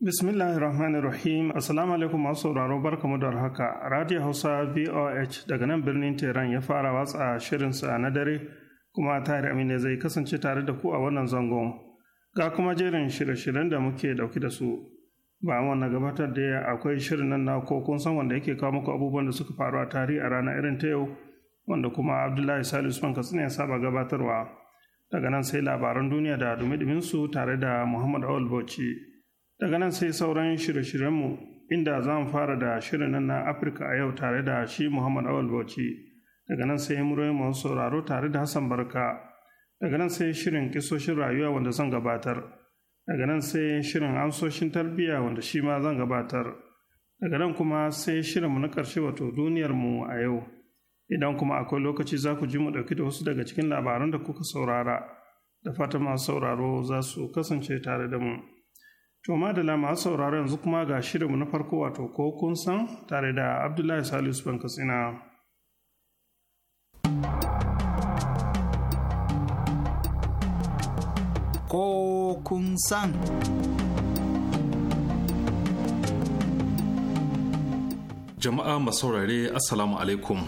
Bismillahirrahmanirrahim. Assalamu alaikum masu sauraro barkamu da haka. Radio Hausa VOH daga nan birnin Tehran ya fara watsa shirinsa na dare kuma tare amina zai kasance tare da ku a wannan zangon. Ga kuma jerin shirye-shiryen da muke dauki da su. Ba mu na gabatar da akwai shirin nan na ko kun san wanda yake kawo muku abubuwan da suka faru a tarihi a ranar irin ta yau wanda kuma Abdullahi Salisu Usman Katsina ya saba gabatarwa. Daga nan sai labaran duniya da dumi su tare da Muhammad Awal Bauchi. Daga nan sai sauran shirye-shiryenmu inda za mu fara da shirin nan na Afirka a yau tare da shi Muhammad Awal Daga nan sai muryoyin masu sauraro tare da Hassan Barka. Daga nan sai shirin kisoshin rayuwa wanda zan gabatar. Daga nan sai shirin amsoshin tarbiyya wanda shi ma zan gabatar. Daga nan kuma sai shirin mu na ƙarshe wato duniyarmu a yau. Idan kuma akwai lokaci za ku ji mu ɗauki da wasu daga cikin labaran da kuka saurara. Da fata masu sauraro za su kasance tare da mu. To madala masu sauraron yanzu kuma ga mu na farko wato ko kun san tare da Abdullahi Salisu ban Katsina. Ko kun san. Jama'a masaurare Assalamu alaikum.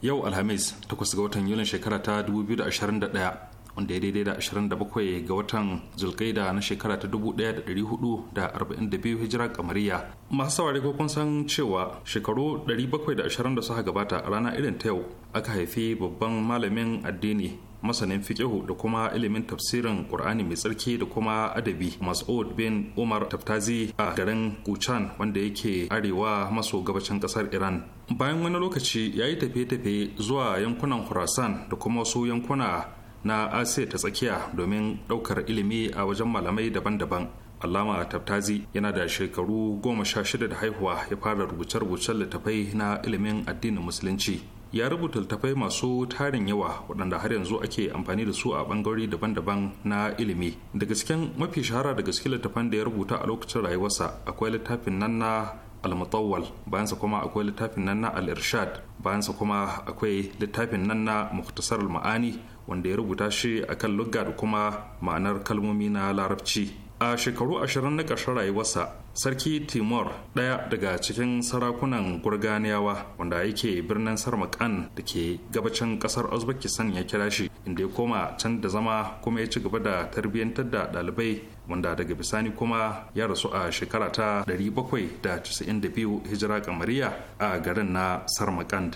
Yau Alhamis, takwas ga watan Yulin shekara ta 2021. wanda ya daidai da 27 ga watan zulkaida na shekara ta 1442 hijira kamariya masu saurari ko kun san cewa shekaru 720 da suka gabata a rana irin ta yau aka haifi babban malamin addini masanin fiqihu da kuma ilimin tafsirin ƙur'ani mai tsarki da kuma adabi mas'ud bin umar taftazi a garin kuchan wanda yake arewa maso gabacin kasar iran bayan wani lokaci ya yi tafiye-tafiye zuwa yankunan khurasan da kuma wasu yankuna na asiya ta tsakiya domin ɗaukar ilimi a wajen malamai daban-daban allama Taftazi yana da shekaru goma sha shida da haihuwa ya fara rubuce-rubucen littafai na ilimin addinin musulunci ya rubuta littafai masu tarin yawa waɗanda har yanzu ake amfani da su a ɓangare daban-daban na ilimi daga cikin mafi shahara daga cikin littafan da ya rubuta a lokacin rayuwarsa akwai littafin nan na al-mutawwal bayansa kuma akwai littafin nan na al-irshad bayansa kuma akwai littafin nan na muhtasar maani wanda ya rubuta shi a kan lugga kuma ma'anar kalmomi na larabci a shekaru ashirin na ƙarshen rayuwarsa sarki timor ɗaya daga cikin sarakunan gurganiyawa wanda yake birnin sarmakan da ke gabacin ƙasar uzbekistan ya kira shi inda ya koma can da zama kuma ya ci gaba da tarbiyyantar da ɗalibai wanda daga bisani kuma ya rasu a shekara ta 792 hijira kamariya a garin na sarmakand.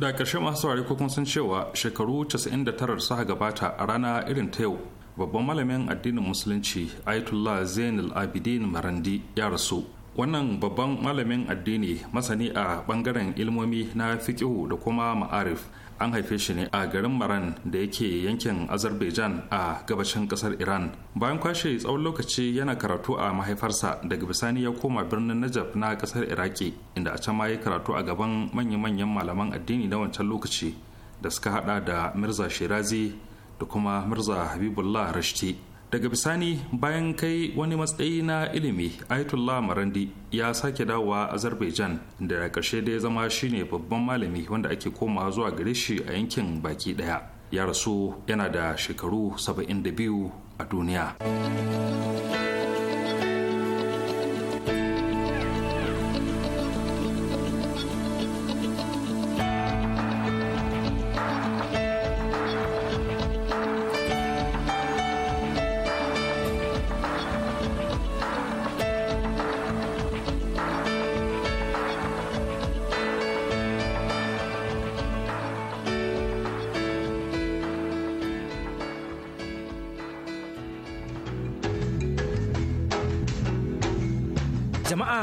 da karshe masu saurari ko kun san cewa shekaru 99 suka gabata a rana irin ta yau babban malamin addinin musulunci ayatollah zainul abidin marandi ya rasu wannan babban malamin addini masani a bangaren ilmomi na fiqihu da kuma ma'arif an haife shi ne a garin maran da yake yankin azerbaijan a gabashin kasar iran bayan kwashe tsawon lokaci yana karatu a mahaifarsa daga bisani ya koma birnin najaf na kasar iraki inda a can ma ya karatu a gaban manya-manyan malaman addini na wancan lokaci da suka hada da mirza shirazi da kuma mirza habibullah rashti daga bisani bayan kai wani matsayi na ilimi ayatollah marandi ya sake dawowa azerbaijan da ƙarshe da ya zama shine babban malami wanda ake koma zuwa gare shi a yankin baki daya ya rasu yana da shekaru 72 a duniya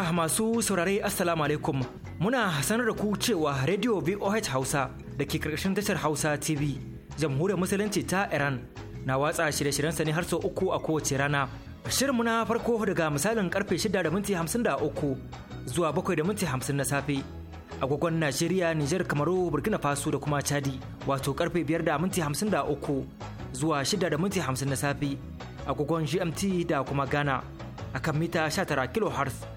A masu saurare assalamu alaikum muna sanar da ku cewa radio voh hausa da ke karkashin tashar hausa tv jamhuriyar musulunci ta iran na watsa shirye-shiryen Sani har sau uku a kowace rana shirinmu na farko daga misalin karfe shida da minti zuwa bakwai na safe agogon najeriya nijar kamaru burkina faso da kuma chadi wato karfe biyar da minti zuwa shida na safe agogon gmt da kuma ghana akan mita 19 kilohertz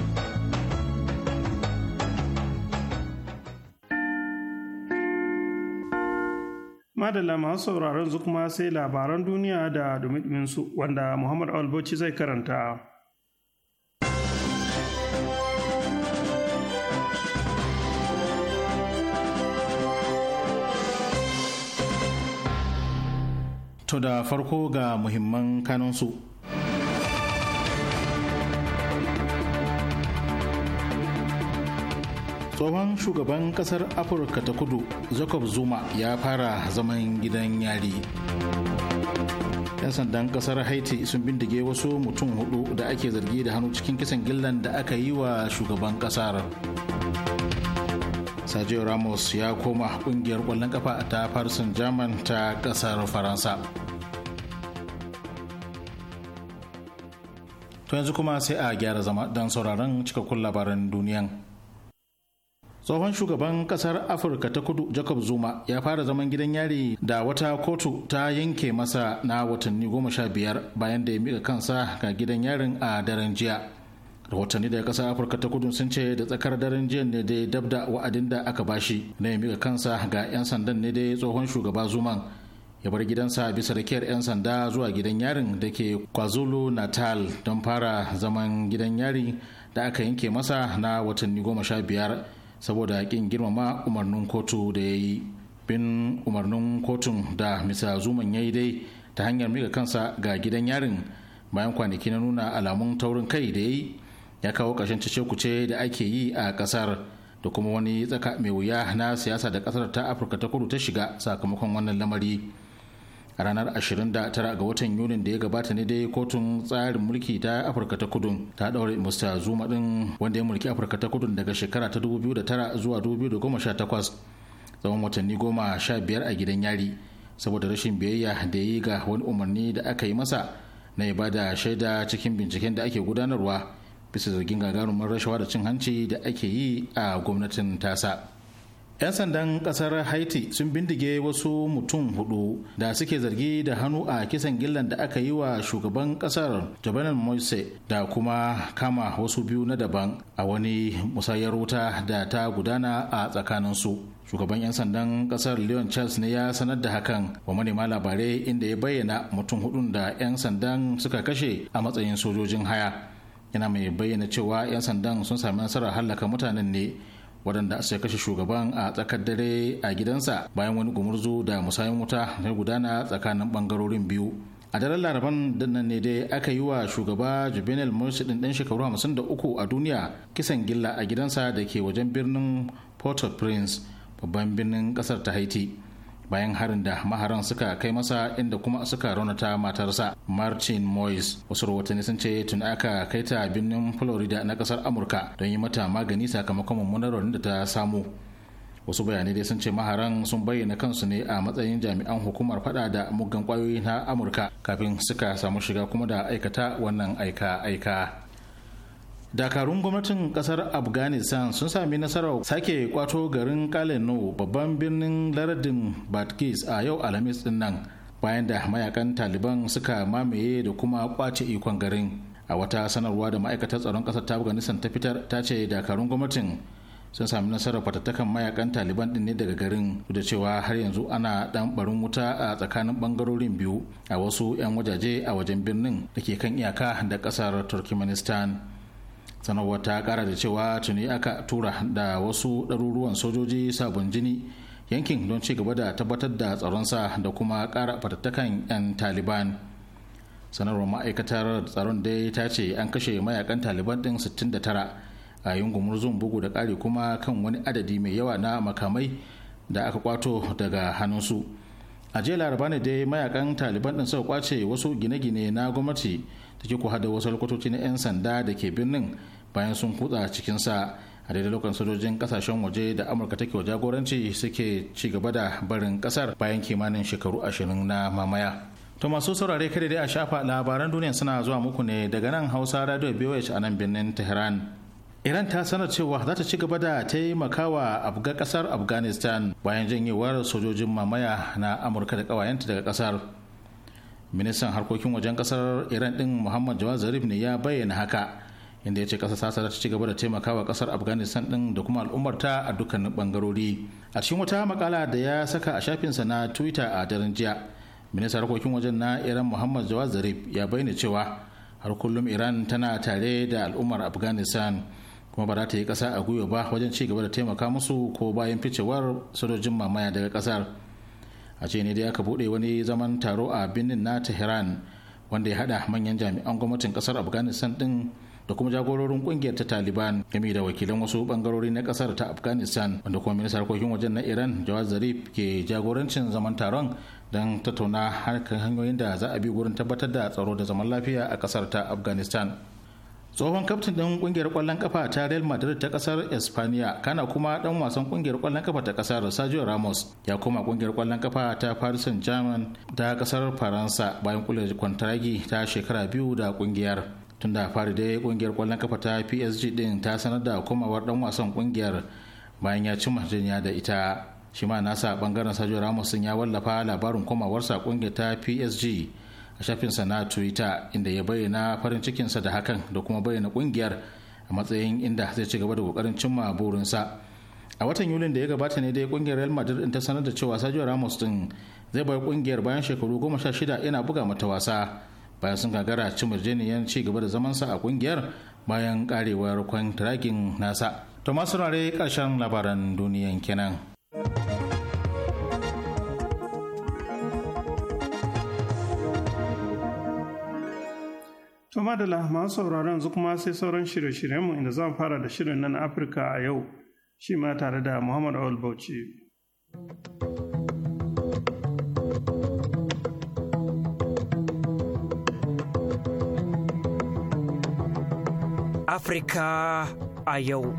Madalla masu sauraron su kuma sai labaran duniya da dumi su wanda Muhammad Alboci zai karanta. To da farko ga muhimman kanunsu. tsohon shugaban kasar afirka ta kudu jacob zuma ya fara zaman gidan yari 'yan sandan kasar haiti sun bindige wasu mutum hudu da ake zargi da hannu cikin kisan gillan da aka yi wa shugaban kasar Sergio Ramos ya koma kungiyar kwallon kafa ta farsin German ta kasar Faransa. To yanzu kuma sai a gyara zama don sauraron cikakkun labaran duniyan. tsohon shugaban kasar afirka ta kudu jacob zuma ya fara zaman gidan yari da wata kotu ta yanke masa na watanni goma sha biyar bayan da ya mika kansa ga gidan yarin a daren jiya rahotanni daga kasar afirka ta kudu sun ce da tsakar daren jiya ne dai dabda da wa'adin da aka bashi na ya mika kansa ga 'yan sandan ne dai tsohon shugaba zuman ya bar gidansa bisa da rakiyar 'yan sanda zuwa gidan yarin da ke kwazulu natal don fara zaman gidan yari da aka yanke masa na watanni goma sha biyar saboda kin girmama umarnin kotu da ya yi bin umarnin kotun da misa zuman ya yi dai ta hanyar mika kansa ga gidan yarin bayan kwanaki na nuna alamun taurin kai da ya yi ya kawo ƙarshen cece-kuce da ake yi a ƙasar da kuma wani tsaka mai wuya na siyasa da ƙasar ta afirka ta kudu ta shiga sakamakon wannan lamari a ranar 29 ga watan yunin da ya gabata ne dai kotun tsarin mulki ta afirka ta kudu ta daure musta zuma din wanda ya mulki afirka ta kudu daga shekara ta 2009 zuwa 2018 tsawon watanni goma sha biyar a gidan yari saboda rashin biyayya da ya yi ga wani umarni da aka yi masa na ya bada shaida cikin binciken da ake gudanarwa bisa zargin gagarumin rashawa da cin hanci da ake yi a gwamnatin tasa. 'Yan sandan kasar Haiti sun bindige wasu mutum hudu da suke zargi da hannu a kisan gillan da aka yi wa shugaban kasar Jovenel Moise da kuma kama wasu biyu na daban a wani musayar wuta da ta gudana a tsakaninsu. Shugaban 'yan sandan kasar Leon Charles ne ya sanar da hakan wa manema labarai inda ya bayyana mutum hudun da 'yan sandan suka kashe a matsayin sojojin haya. Yana mai bayyana cewa 'yan sandan sun sami nasarar hallaka mutanen ne waɗanda aka kashe shugaban a tsakar dare a gidansa bayan wani gumurzu da musayin wuta na gudana tsakanin ɓangarorin biyu a daren laraban dinnan ne dai aka yi wa shugaba juvenile morsi din dan shekaru uku a duniya kisan gilla a gidansa da ke wajen birnin port-au-prince babban birnin ƙasar ta haiti bayan harin da maharan suka kai masa inda kuma suka raunata matarsa martin moyes wasu rahotanni sun ce tun aka kai ta birnin florida na kasar amurka don yi mata magani sakamakon mummunar da ta samu wasu bayanai dai sun ce maharan sun bayyana kansu ne a matsayin jami'an hukumar fada da muggan kwayoyi na amurka kafin suka samu shiga kuma da aikata wannan aika-aika dakarun gwamnatin kasar afghanistan sun sami nasarar sake kwato garin kalenu babban birnin lardin batkis a yau alhamis din nan bayan da mayakan taliban suka mamaye da kuma kwace ikon garin a wata sanarwa da ma'aikatar tsaron kasar ta afghanistan ta fitar ta ce dakarun gwamnatin sun sami nasarar fatattakan mayakan taliban din ne daga garin da cewa har yanzu ana dan barin wuta a tsakanin bangarorin biyu a wasu 'yan wajaje a wajen birnin da ke kan iyaka da kasar turkmenistan sanarwar ta kara da cewa tuni aka tura da wasu ɗaruruwan sojoji sabon jini yankin don ci gaba da tabbatar da tsaronsa da kuma kara fatattakan 'yan taliban sanarwar ma'aikatar tsaron dai ta ce an kashe mayakan taliban ɗin 69 a yin gumurzun bugu da ƙari kuma kan wani adadi mai yawa na makamai da aka kwato daga hannunsu a jiya laraba ne dai mayakan taliban ɗin suka kwace wasu gine-gine na gwamnati take ku hada wasu lokutoci na 'yan sanda da ke birnin bayan sun kutsa cikin sa a daidai lokacin sojojin kasashen waje da amurka take wa jagoranci suke ci gaba da barin kasar bayan kimanin shekaru ashirin na mamaya to masu saurare kada dai a shafa labaran duniya suna zuwa muku ne daga nan hausa radio bwh a nan birnin tehran Iran ta sanar cewa za ta ci gaba da taimakawa abga kasar Afghanistan bayan janyewar sojojin mamaya na Amurka da ƙawayenta daga kasar. ministan harkokin wajen kasar iran din muhammad jawad zarif ne ya bayyana haka inda ya ce kasar sasa ta ci gaba da taimakawa kasar afghanistan din da kuma al'ummarta a dukkanin bangarori a cikin wata makala da ya saka a shafinsa na twitter a daren jiya ministan harkokin wajen na iran muhammad jawad zarif ya bayyana cewa har kullum iran tana tare da al'ummar afghanistan kuma ba za ta yi kasa a gwiwa ba wajen ci gaba da taimaka musu ko bayan ficewar sojojin mamaya daga kasar a ce ne dai aka bude wani zaman taro a birnin na tehran wanda ya hada manyan jami'an gwamnatin kasar afghanistan din da kuma jagororin kungiyar ta taliban game da wakilan wasu bangarori na kasar ta afghanistan wanda kuma ministan harkokin wajen na iran jawad zarif ke jagorancin zaman taron don tattauna harkar hanyoyin da za a bi wurin tabbatar da tsaro da zaman lafiya a kasar ta afghanistan tsohon kaftin ɗin ƙungiyar ƙwallon kafa ta real madrid ta ƙasar espaniya kana kuma ɗan wasan ƙungiyar ƙwallon kafa ta ƙasar sergio ramos ya koma ƙungiyar ƙwallon kafa ta paris saint germain ta ƙasar faransa bayan kula kwantaragi ta shekara biyu da ƙungiyar tun da fari dai ƙungiyar ƙwallon kafa ta psg ɗin ta sanar da komawar ɗan wasan ƙungiyar bayan ya ci jinya da ita shima ma nasa bangaren sergio ramos sun ya wallafa labarin komawarsa ƙungiyar ta psg a shafinsa na twitter inda ya bayyana farin cikinsa da hakan da kuma bayyana kungiyar a matsayin inda zai ci gaba da kokarin cimma burinsa a watan yulin da ya gabata ne dai kungiyar real madrid ta sanar da cewa sergio ramos din zai bar kungiyar bayan shekaru goma sha shida yana buga mata wasa bayan sun gagara cin yarjejeniyar ci gaba da zamansa a kungiyar bayan karewar kwantiragin nasa thomas rare karshen labaran duniyan kenan. To da masu sauraron yanzu kuma sai sauran shirye-shiryenmu inda zan fara da shirin nan Afirka a yau shi ma tare da Muhammad Awul Bauchi. Afirka a yau.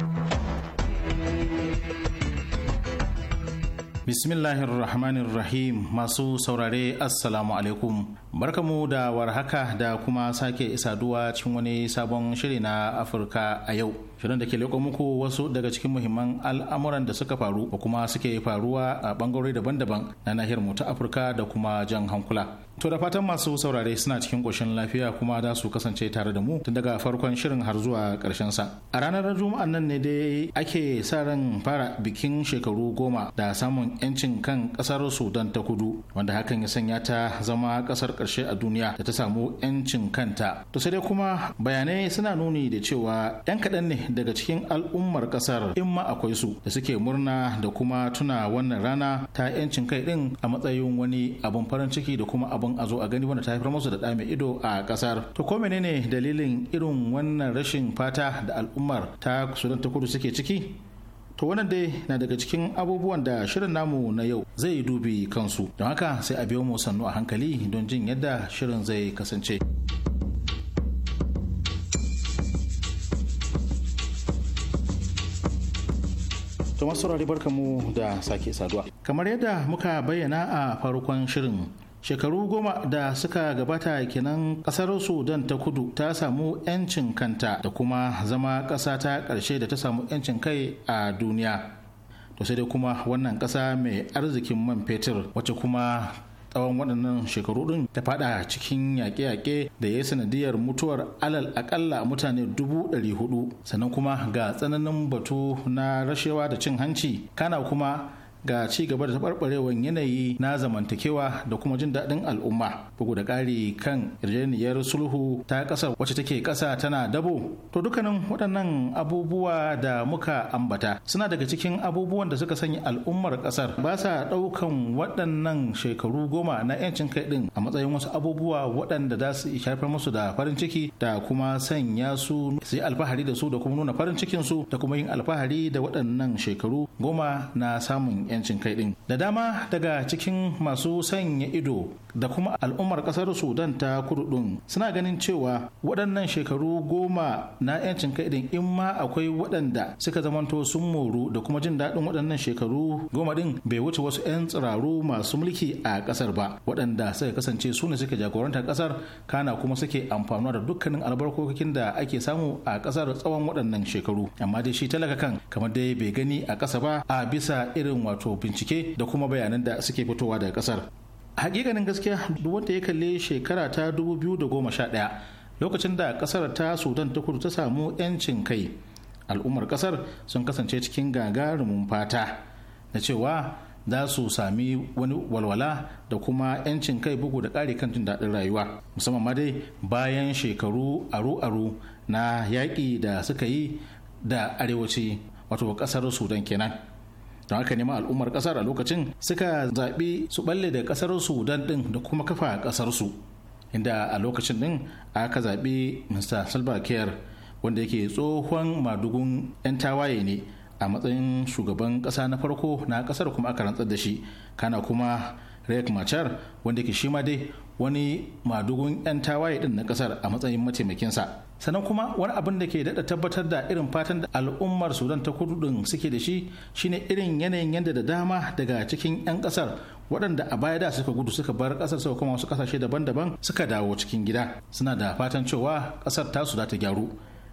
Bismillahirrahmanirrahim masu saurare Assalamu alaikum. Barkamu da warhaka da kuma sake saduwa cikin wani sabon shiri na Afirka a yau. Shirin da ke leƙo muku wasu daga cikin muhimman al'amuran da suka faru ko kuma suke faruwa a bangarori daban-daban na nahiyar mu ta Afirka da kuma jan hankula. To da fatan masu saurare suna cikin ƙoshin lafiya kuma da su kasance tare da mu tun daga farkon shirin har zuwa ƙarshen sa. A ranar Juma'an nan ne dai ake sa ran fara bikin shekaru goma da samun 'yancin kan ƙasar Sudan ta kudu wanda hakan ya sanya ta zama ƙasar Karshe a duniya da ta samu 'yancin kanta to sai dai kuma bayanai suna nuni da cewa 'yan kaɗan ne daga cikin al'ummar ƙasar in ma akwai su da suke murna da kuma tuna wannan rana ta 'yancin kai ɗin a matsayin wani abun farin ciki da kuma abun azo a gani wanda ta haifar musu da ɗa mai ido a ƙasar to ko menene dalilin irin wannan rashin fata da al'ummar ta sudan ta kudu suke ciki to wannan dai na daga cikin abubuwan da shirin namu na yau zai dubi kansu don haka sai a biyo mu sannu a hankali don jin yadda shirin zai kasance Tumasura ribar barkamu da sake saduwa kamar yadda muka bayyana a farkon shirin shekaru goma da suka gabata kenan kasar sudan ta kudu ta samu 'yancin kanta da kuma zama ƙasa ta ƙarshe da ta samu 'yancin kai a duniya to sai dai kuma wannan ƙasa mai arzikin man fetur wacce kuma tsawon waɗannan shekaru ɗin ta faɗa cikin yaƙe-yaƙe da ya yi sanadiyar mutuwar alal akalla mutane dubu ɗari hudu sannan kuma ga tsananin batu na rashewa da cin hanci kana kuma ga ci gaba da taɓarɓarewar yanayi na zamantakewa da kuma jin daɗin al'umma bugu da ƙari kan yarjejeniyar sulhu ta ƙasar wacce take ƙasa tana dabo to dukkanin waɗannan abubuwa da muka ambata suna daga cikin abubuwan da suka sanya al'ummar ƙasar ba sa ɗaukan waɗannan shekaru goma na 'yancin kai ɗin a matsayin wasu abubuwa waɗanda za su shafar musu da farin ciki da kuma sanya su su yi alfahari da su da kuma nuna farin su da kuma yin alfahari da waɗannan shekaru goma na samun 'yancin kai din da dama daga cikin masu sanya ido da kuma al'ummar kasar sudan ta kudu din suna ganin cewa waɗannan shekaru goma na 'yancin kai din in ma akwai waɗanda suka zamanto sun moru da kuma jin daɗin waɗannan shekaru goma din bai wuce wasu 'yan tsiraru masu mulki a kasar ba waɗanda suka kasance su ne suke jagoranta kasar kana kuma suke amfanuwa da dukkanin albarkokin da ake samu a kasar tsawon waɗannan shekaru amma dai shi talaka kan kamar dai bai gani a ƙasa ba a bisa irin wato wato bincike da kuma bayanan da suke fitowa daga kasar hakikanin gaskiya duk wanda ya kalle shekara ta da goma sha ɗaya lokacin da kasar ta sudan ta kudu ta samu 'yancin kai al'ummar kasar sun kasance cikin gagarumin fata na cewa za su sami wani walwala da kuma 'yancin kai bugu da ƙari kan jin daɗin rayuwa musamman ma dai bayan shekaru aru-aru na yaƙi da suka yi da arewaci wato ƙasar sudan kenan don haka nema al'ummar kasar a lokacin suka zaɓi su balle da kasar sudan din da kuma kafa kasar inda a lokacin din aka zaɓi mr salva kiir wanda yake tsohon madugun 'yan tawaye ne a matsayin shugaban ƙasa na farko na kasar kuma aka rantsar da shi kana kuma rek machar wanda ke shi ma dai wani madugun 'yan tawaye din na ƙasar a matsayin mataimakinsa sannan kuma wani abin da ke daɗa tabbatar da irin fatan da al'ummar sudan ta kudu din suke da shi shine irin yanayin yadda da dama daga cikin 'yan ƙasar waɗanda a baya da suka gudu suka bar ƙasar sau kuma wasu ƙasashe daban-daban suka dawo cikin gida suna da fatan cewa ƙasar tasu za ta gyaru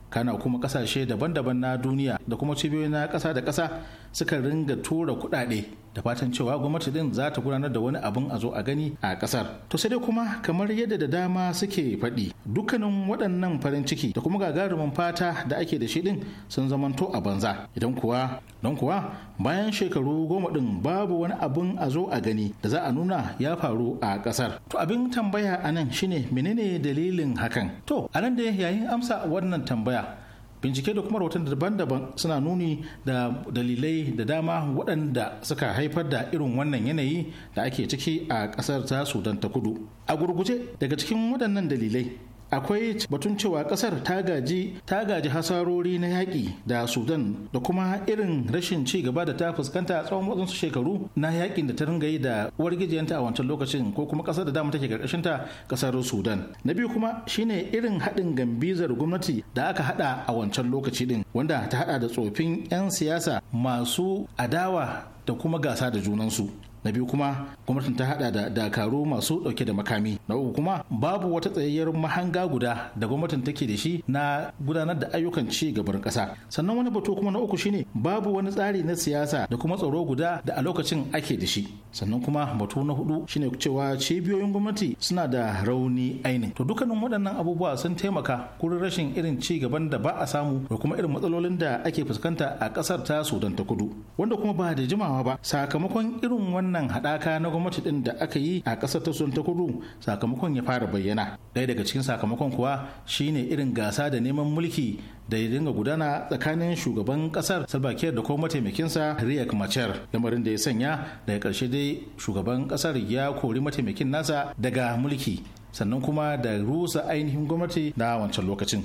kana kuma kasashe daban-daban na duniya da kuma cibiyoyi na kasa da kasa. suka ringa tura kuɗaɗe da fatan cewa gwamnati din za ta gudanar da wani abin a zo a gani a ƙasar. to sai dai kuma kamar yadda da dama suke faɗi dukkanin waɗannan farin ciki da kuma gagarumin fata da ake da shi din sun zamanto a banza idan kuwa don kuwa bayan shekaru goma din babu wani abin a zo a gani da za a nuna ya faru a ƙasar. to abin tambaya anan shine menene dalilin hakan to anan nan da yayin amsa wannan tambaya bincike da kuma rahoton daban-daban suna nuni da dalilai da dama waɗanda suka haifar da irin wannan yanayi da ake ciki a ƙasar ta sudan ta kudu a gurguje daga cikin waɗannan dalilai akwai batun cewa kasar ta gaji ta gaji hasarori na yaƙi da sudan da kuma irin rashin ci gaba da ta fuskanta a tsawon wasu shekaru na yaƙin da ta ringa yi da wargijiyanta a wancan lokacin ko kuma kasar da dama take karkashin ta kasar sudan na biyu kuma shine irin haɗin gambizar gwamnati da aka haɗa a wancan lokaci din wanda ta haɗa da tsofin 'yan siyasa masu adawa da kuma gasa da junansu na biyu kuma gwamnatin ta hada da dakaru masu dauke da makami na uku kuma babu wata tsayayyar mahanga guda da gwamnatin take da shi na gudanar da ayyukan ci gaban kasa sannan wani batu kuma na uku shine babu wani tsari na siyasa da kuma tsaro guda da a lokacin ake da shi sannan kuma batu na hudu shine cewa cibiyoyin gwamnati suna da rauni ainihin to dukkanin waɗannan abubuwa sun taimaka kurin rashin irin ci gaban da ba a samu da kuma irin matsalolin da ake fuskanta a ƙasar ta sudan ta kudu wanda kuma ba da jimawa ba sakamakon irin wannan wannan haɗaka na gwamnati ɗin da aka yi a ƙasar ta ta kudu sakamakon ya fara bayyana ɗaya daga cikin sakamakon kuwa shine irin gasa da neman mulki da ya dinga gudana tsakanin shugaban ƙasar Salva da kuma mataimakinsa Riek Machar lamarin da ya sanya daga ƙarshe dai shugaban ƙasar ya kori mataimakin nasa daga mulki sannan kuma da rusa ainihin gwamnati na wancan lokacin.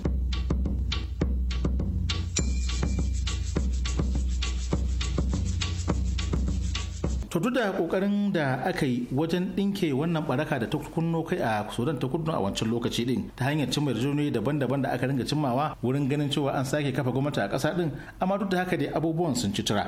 to duk da kokarin da aka yi wajen dinke wannan baraka da ta kunno kai a sudan ta kudu a wancan lokaci din ta hanyar cimma yarjejeniyoyi daban-daban da aka ringa cimmawa wurin ganin cewa an sake kafa gwamnati a kasa din amma duk da haka dai abubuwan sun ci tura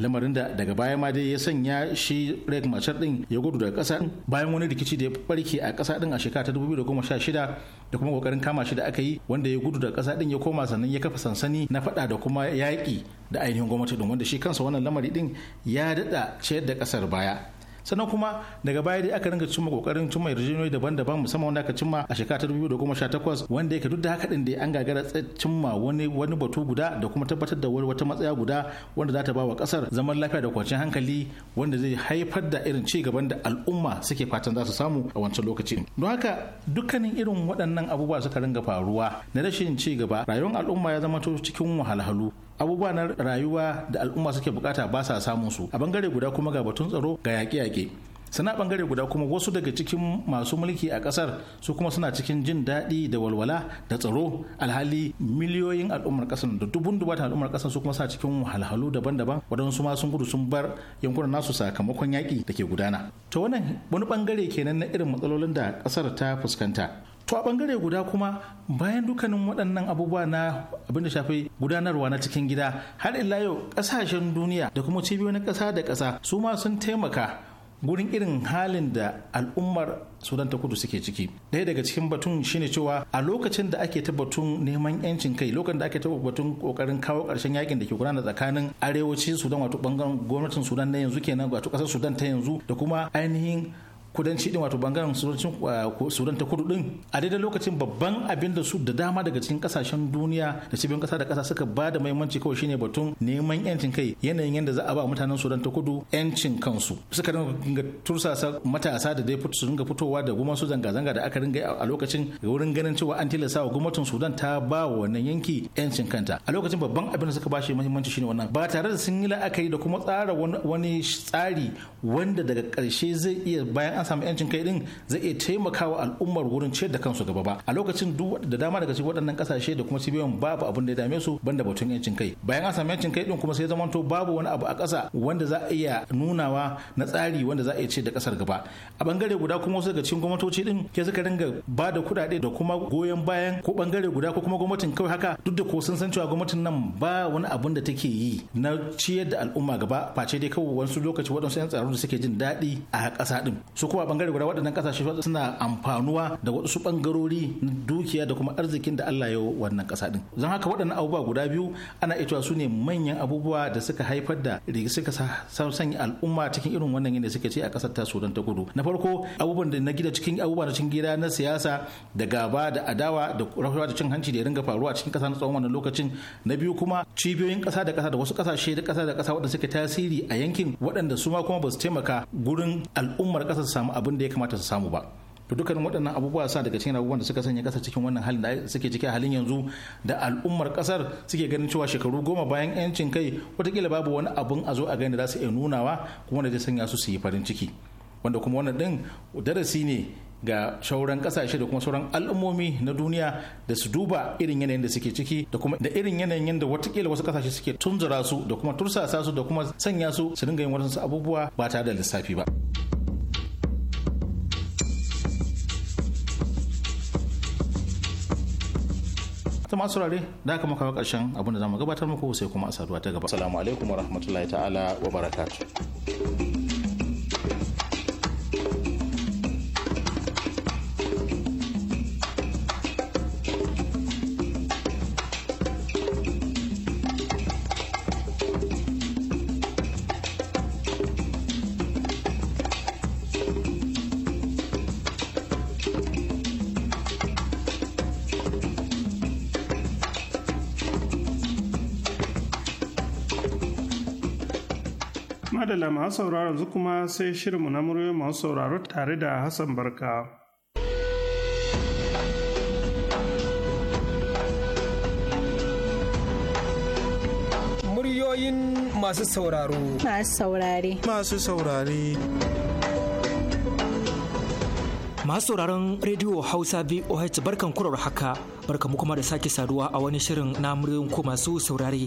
lamarin da daga baya ma dai ya sanya shi rek Machar din ya gudu daga kasa bayan wani rikici da ya barke a kasa din a shekara ta 2016 da kuma kokarin kama shi da aka yi wanda ya gudu daga kasa din ya koma sannan ya kafa sansani na fada da kuma yaƙi da ainihin gwamnati din wanda shi kansa wannan lamari din ya dada ciyar da kasar baya sannan kuma daga baya dai aka ringa cimma kokarin cimma yarjejeniyoyi daban-daban musamman wanda aka cimma a shekara ta 2018 wanda yake duk da haka din da an gagara cimma wani wani batu guda da kuma tabbatar da wani wata matsaya guda wanda za ta ba wa kasar zaman lafiya da kwanciyar hankali wanda zai haifar da irin ci gaban da al'umma suke fatan za su samu a wancan lokaci don haka dukkanin irin waɗannan abubuwa suka ringa faruwa na rashin ci gaba rayuwar al'umma ya zama cikin wahalhalu abubuwa na rayuwa da al'umma suke bukata ba sa samun su a bangare guda kuma ga batun tsaro ga yaƙe-yaƙe sana bangare guda kuma wasu daga cikin masu mulki a ƙasar su kuma suna cikin jin daɗi da walwala da tsaro alhali miliyoyin al'ummar kasar da dubun dubatan al'ummar kasar su kuma suna cikin wahalhalu daban-daban waɗansu ma sun gudu sun bar yankunan nasu sakamakon yaƙi da ke gudana to wannan wani bangare kenan na irin matsalolin da ƙasar ta fuskanta to a bangare guda kuma bayan dukkanin waɗannan abubuwa na abin da shafi gudanarwa na cikin gida har illa yau ƙasashen duniya da kuma cibiyoyin ƙasa da ƙasa su ma sun taimaka gurin irin halin da al'ummar sudan ta kudu suke ciki ɗaya daga cikin batun shine cewa a lokacin da ake ta neman yancin kai lokacin da ake ta batun kokarin kawo ƙarshen yakin da ke gudana tsakanin arewacin sudan wato bangaren gwamnatin sudan na yanzu kenan wato ƙasar sudan ta yanzu da kuma ainihin kudanci din wato bangaren sudan ta kudu din a daidai lokacin babban abin da su da dama daga cikin kasashen duniya da cibiyoyin kasa da kasa suka ba da muhimmanci kawai shine batun neman yancin kai yanayin yadda za a ba mutanen sudan ta kudu yancin kansu suka dinga tursasa matasa da dai su dinga fitowa da goma su zanga-zanga da aka ringa a lokacin wurin ganin cewa an tilasta wa gwamnatin sudan ta ba wa wannan yanki yancin kanta a lokacin babban abin da suka shi muhimmanci shine wannan ba tare da sun yi la'akari da kuma tsara wani tsari wanda daga karshe zai iya bayan an samu yancin kai din zai iya taimakawa al'ummar wurin ciyar da kansu gaba ba a lokacin duk da dama daga cikin waɗannan kasashe da kuma cibiyoyin babu abin da ya dame su banda batun yancin kai bayan an samu yancin kai din kuma sai zamanto babu wani abu a ƙasa wanda za a iya nunawa na tsari wanda za a iya ce da ƙasar gaba a bangare guda kuma wasu daga cikin gwamnatoci din ke suka ringa ba da kuɗaɗe da kuma goyon bayan ko bangare guda ko kuma gwamnatin kawai haka duk da ko sun san cewa gwamnatin nan ba wani abun da take yi na ciyar da al'umma gaba face dai kawai wasu lokaci waɗansu 'yan tsaro da suke jin daɗi a ƙasa din su ko a bangare guda waɗannan kasashe suna amfanuwa da wasu bangarori na dukiya da kuma arzikin da Allah ya wannan kasa din don haka waɗannan abubuwa guda biyu ana ita su ne manyan abubuwa da suka haifar da suka sanya al'umma cikin irin wannan yadda suka ce a kasar ta Sudan ta Kudu na farko abubuwan da na gida cikin abubuwa na cikin gida na siyasa da gaba da adawa da rahoto da cin hanci da ya ringa faruwa cikin kasa na tsawon wannan lokacin na biyu kuma cibiyoyin kasa da kasa da wasu kasashe da kasa da kasa waɗanda suka tasiri a yankin waɗanda su ma kuma ba su taimaka gurin al'ummar kasa samu abin da ya kamata su samu ba to dukkanin waɗannan abubuwa sa daga cikin abubuwan da suka sanya ƙasar cikin wannan halin da suke ciki halin yanzu da al'ummar ƙasar suke ganin cewa shekaru goma bayan yancin kai watakila babu wani abun a zo a gani da za su iya nunawa kuma da zai sanya su su yi farin ciki wanda kuma wannan ɗin darasi ne ga shauran kasashe da kuma sauran al'ummomi na duniya da su duba irin yanayin da suke ciki da kuma da irin yanayin yadda watakila wasu kasashe suke tunzura su da kuma tursasa su da kuma sanya su su dinga yin wasu abubuwa ba tare da lissafi ba. ta masu rare da aka maka karshen abin da zamu gabatar muku sai kuma a saduwa ta gaba assalamu alaikum rahmatullahi ta'ala wa barakatuh madalla masu sauraro yanzu kuma sai shirinmu na muryoyi masu sauraro tare da Hassan Barka. Muryoyin masu sauraro. Masu saurare. Masu saurare. Masu sauraron rediyo Hausa VOH barkan kurar haka, barkan kuma da sake saduwa a wani shirin na muryoyin ko masu saurare.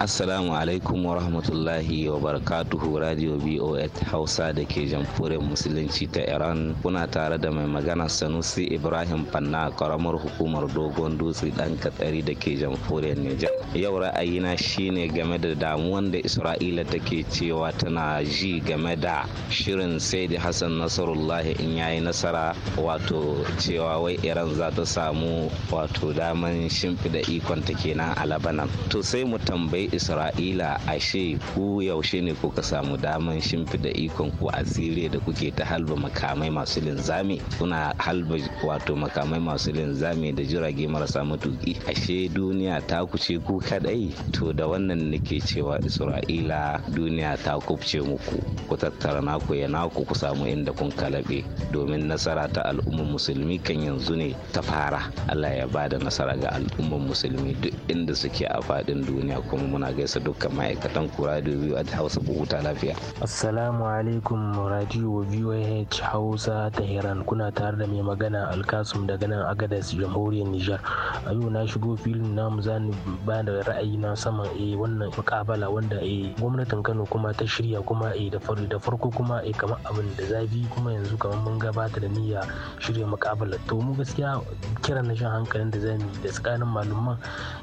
Assalamu alaikum wa rahmatullahi wa barakatuhu Radio BOS Hausa da ke jamhuriyar Musulunci ta Iran kuna tare da mai magana Sanusi Ibrahim Fanna karamar hukumar Dogon Dutse dan Katsari da ke jamhuriyar Nijar. Yau ra'ayina shine game da damuwan da Isra'ila take cewa tana ji game da shirin Saidi Hassan nasarullahi in yayi nasara wato cewa wai Iran za ta samu wato daman shimfida ta kenan a Labanan. To sai mu tambayi kai isra'ila ashe ku yaushe ne kuka samu daman shimfiɗa ikon ku a siriya da kuke ta halba makamai masu linzami kuna halba wato makamai masu linzami da jirage marasa matuki ashe duniya ta kuce ku kadai to da wannan nake cewa isra'ila duniya ta kubce muku ku tattara naku ya naku ku samu inda kun kalabe domin nasara ta al'ummar musulmi kan yanzu ne ta fara allah ya bada nasara ga al'ummar musulmi duk inda suke a faɗin duniya kuma muna gaisa dukkan ma'aikatan kura da biyu a hausa ku huta lafiya assalamu alaikum radio voh hausa ta tehran kuna tare da mai magana alkasum daga nan Agadez jamhuriyar nijar a yau na shigo filin namu zani ba da ra'ayi na saman eh wannan mukabala wanda eh gwamnatin kano kuma ta shirya kuma eh da farko kuma eh kamar abin da zafi kuma yanzu kamar mun gabata da niyya shirya mukabala to mu gaskiya kiran na shan hankalin da zamu da tsakanin malaman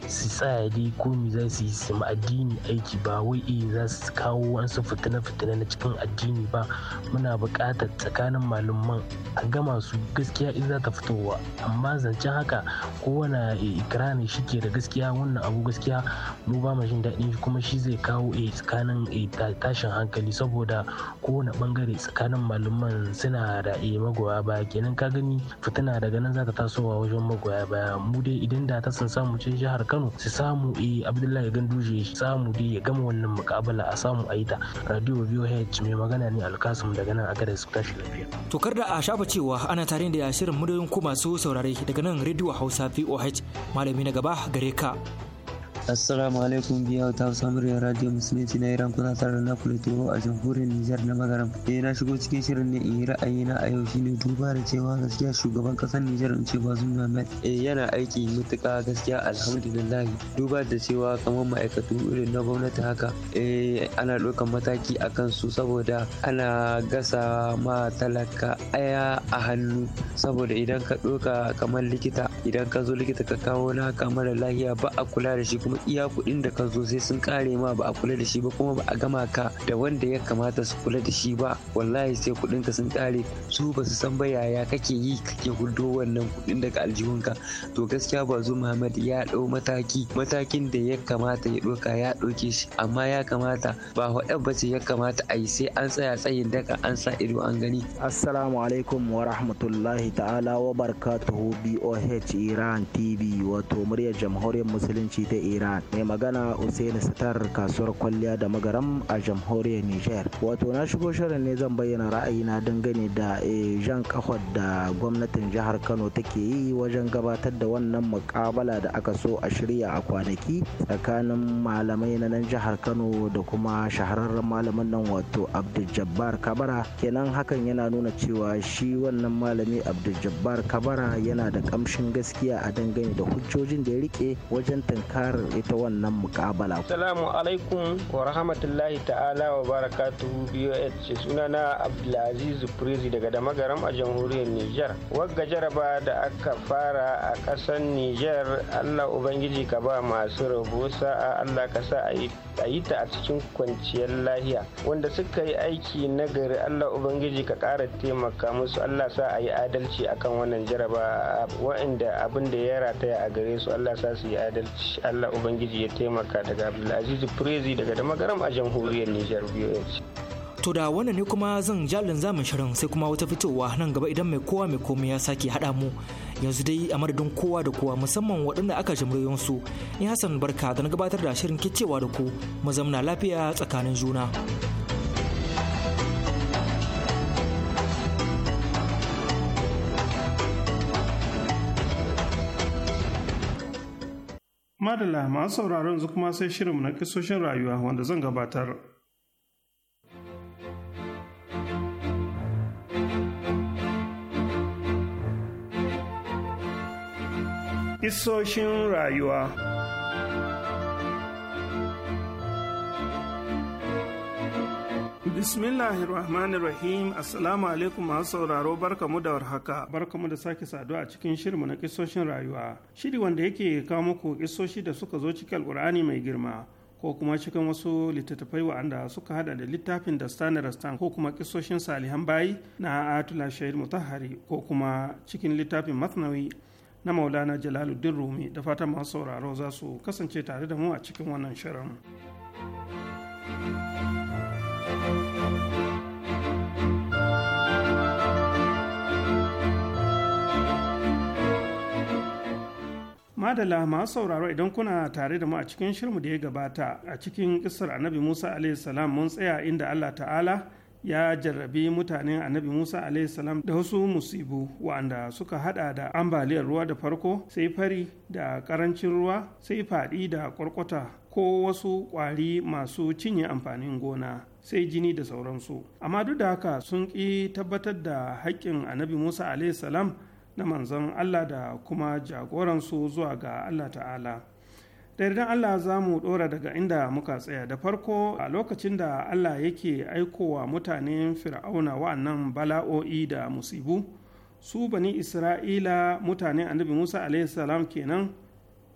su tsaya dai komi za su yi su ma addini aiki ba wai iya eh, za su kawo wasu fitina-fitina na cikin addini ba muna buƙatar tsakanin malumman a gama su gaskiya in za ta fitowa amma zancen haka kowane eh, ikirarin shi ke da gaskiya wannan abu gaskiya mu ba mu jin daɗi kuma shi zai kawo a eh, tsakanin tashin hankali saboda kowane bangare tsakanin malaman suna da eh magoya baya kenan ka gani fitina daga nan za ta tasowa wajen magoya baya mu dai idan da ta san samu cin jihar Kano su samu eh Abdullahi Ganduje ya samu dai ya gama wannan mukabala a samu a yi ta radio VOH mai magana ne alkasum daga nan a gada su tashi lafiya. To kar da a shafa cewa ana tare da shirin muryoyin ku masu saurare daga nan radio Hausa VOH malami na gaba gare ka. assalamu alaikum biya ta hausa radio musulunci na iran kuna tare na kulitoro a jamhuriyar nijar na magaram eh na shigo cikin shirin ne in yi ra'ayi na a yau shine duba da cewa gaskiya shugaban kasar nijar in ce zun muhammad eh yana aiki mutuka gaskiya alhamdulillahi. duba da cewa kamar ma'aikatu irin na gwamnati haka eh ana ɗaukar mataki a kan su saboda ana gasa ma talaka aya a hannu saboda idan ka ɗauka kamar likita idan ka zo likita ka kawo na kamar lahiya ba a kula da shi kuma iya kuɗin da ka zo sai sun kare ma ba a kula da shi ba kuma ba a gama ka da wanda ya kamata su kula da shi ba wallahi sai kuɗin ka sun kare su ba su san ba yaya kake yi kake hudo wannan kuɗin daga aljihunka to gaskiya ba zo muhammad ya ɗau mataki matakin da ya kamata ya ɗauka ya ɗauke shi amma ya kamata ba faɗa ba ce ya kamata a yi sai an tsaya tsayin daka an sa ido an gani assalamu alaikum wa rahmatullahi ta'ala wa barakatuhu boh iran tv wato muryar jamhuriyar musulunci ta iran iran mai magana usaini sitar kasuwar kwalliya da magaram a jamhuriyar niger wato na shigo shirin ne zan bayyana ra'ayina dangane da eh, jan kahon da gwamnatin jihar kano take yi wajen gabatar da wannan mukabala da aka so a shirya a kwanaki tsakanin malamai na nan jihar kano da kuma shahararren malamin nan wato abdul kabara kenan hakan yana nuna cewa shi wannan malami abdul kabara yana da kamshin gaskiya a dangane da hujjojin da ya rike wajen tankarar ita wannan mukabala. Salamu alaikum wa rahmatullahi ta'ala wa barakatuhu BOH sunana Abdulaziz Prezi daga Damagaram a jamhuriyar Nijar. Wagga jaraba da aka fara a ƙasar Nijar Allah Ubangiji ka ba masu rabo sa'a Allah ka sa a yi ta a cikin kwanciyar lahiya. Wanda suka yi aiki na gari Allah Ubangiji ka ƙara taimaka musu Allah sa a yi adalci akan wannan jaraba wa'inda abin da ya rataya a gare su Allah sa su yi adalci Allah ubangiji ya taimaka daga abdulaziz prezi daga da magaram a jamhuriyar nijar voh to da wannan ne kuma zan jalin zamun shirin sai kuma wata fitowa nan gaba idan mai kowa mai komai ya sake haɗa mu yanzu dai a madadin kowa da kowa musamman waɗanda aka jimriyon su in hassan barka da na gabatar da shirin kicewa da ku mu lafiya tsakanin juna. madalla masu sauraron yanzu kuma sai shirinmu na kisoshin rayuwa wanda zan gabatar. Isoshin rayuwa Bismillahirrahmanirrahim Assalamu alaikum masu sauraro barkamu da warhaka barkamu da sake saduwa a cikin shirinmu na kisoshin rayuwa shiri wanda yake kawo muku kisoshi da suka zo cikin alkur'ani mai girma ko kuma cikin wasu littattafai wa'anda suka hada da littafin da stan ko kuma kisoshin salihan bayi na atula shahid mutahari ko kuma cikin littafin matnawi na maulana jalaluddin rumi da fatan masu sauraro za su kasance tare da mu a cikin wannan shirin. madala masu sauraro idan kuna tare da mu a cikin shirmu da ya gabata a cikin kisar annabi musa salam mun tsaya inda allah ta'ala ya jarrabi mutanen annabi musa salam da wasu musibu wa'anda suka hada da ambaliyar ruwa da farko sai fari da karancin ruwa sai faɗi da kwarkwata ko wasu ƙwari masu cinye amfanin gona sai jini da sauransu amma duk da haka sun ƙi tabbatar da haƙƙin annabi musa salam na manzon Allah da kuma jagoransu zuwa ga Allah ta'ala da yardan Allah za mu ɗora daga inda muka tsaya da farko a lokacin da Allah yake aikowa mutane fir'auna wa'annan bala'o'i da musibu su bani isra'ila mutane annabi musa salam kenan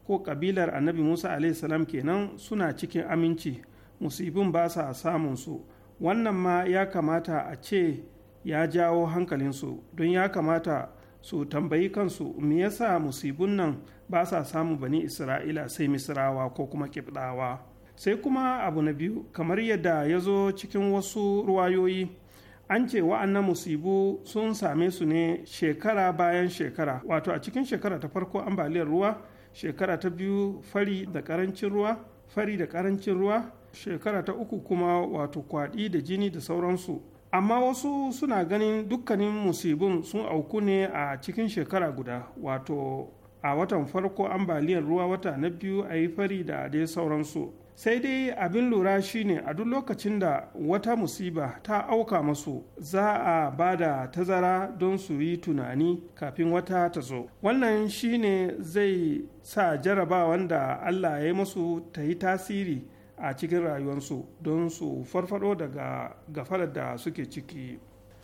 ko kabilar annabi musa salam kenan suna cikin aminci musibin ba sa samun su wannan ma ya kamata a ce ya jawo hankalinsu don ya kamata su tambayi kansu me yasa musibun nan ba sa samu bani isra'ila sai misrawa ko kuma kibdawa sai kuma abu na biyu kamar yadda ya zo cikin wasu ruwayoyi an ce wa'annan musibu sun same su ne shekara bayan shekara wato a cikin shekara ta farko ambaliyar ruwa shekara ta biyu fari da karancin ruwa fari da karancin ruwa shekara ta uku kuma wato kwadi da jini da sauransu amma wasu suna ganin dukkanin musibin sun auku ne a cikin shekara guda wato a watan farko ambaliyar ruwa wata na biyu a yi fari da dai sauransu sai dai abin lura shine a duk lokacin da wata musiba ta auka masu za a ba da tazara don su yi tunani kafin wata ta zo wannan shine zai sa jarabawan da allah ya yi masu ta yi tasiri a cikin rayuwarsu don su farfado daga gafarar da suke ciki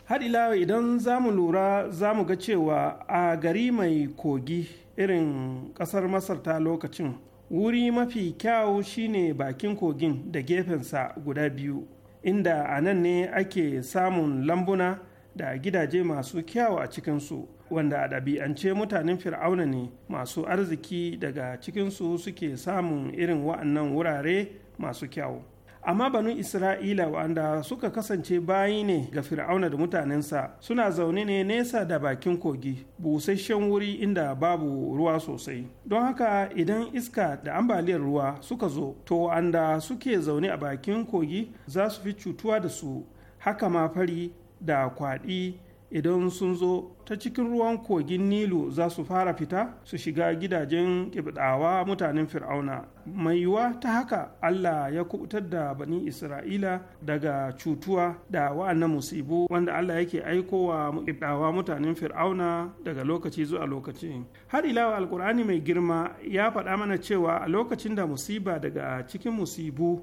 har ila idan za mu lura za mu ga cewa a gari mai kogi irin ƙasar masar ta lokacin wuri mafi kyau shine bakin kogin da gefensa guda biyu inda a nan ne ake samun lambuna da gidaje masu kyau a cikinsu wanda a ɗabi'ance mutanen fir'auna ne masu arziki daga cikinsu suke samun irin wa'annan wurare masu kyau amma banu isra'ila wanda suka kasance bayi ne ga fir'auna da mutanensa suna zaune ne nesa da bakin kogi busasshen wuri inda babu ruwa sosai don haka idan iska da ambaliyar ruwa suka zo to wanda suke zaune a bakin kogi za su fi cutuwa da su haka ma fari da kwaɗi idan sun zo ta cikin ruwan kogin nilu za su fara fita su shiga gidajen kibdawa mutanen fir'auna mai yiwuwa ta haka allah ya kubutar da bani isra'ila daga cutuwa da wa'annan musibu wanda allah yake aiko wa kibdawa mutanen fir'auna daga lokaci zuwa lokaci har ilawa alkur'ani mai girma ya faɗa mana cewa a lokacin da musiba daga cikin musibu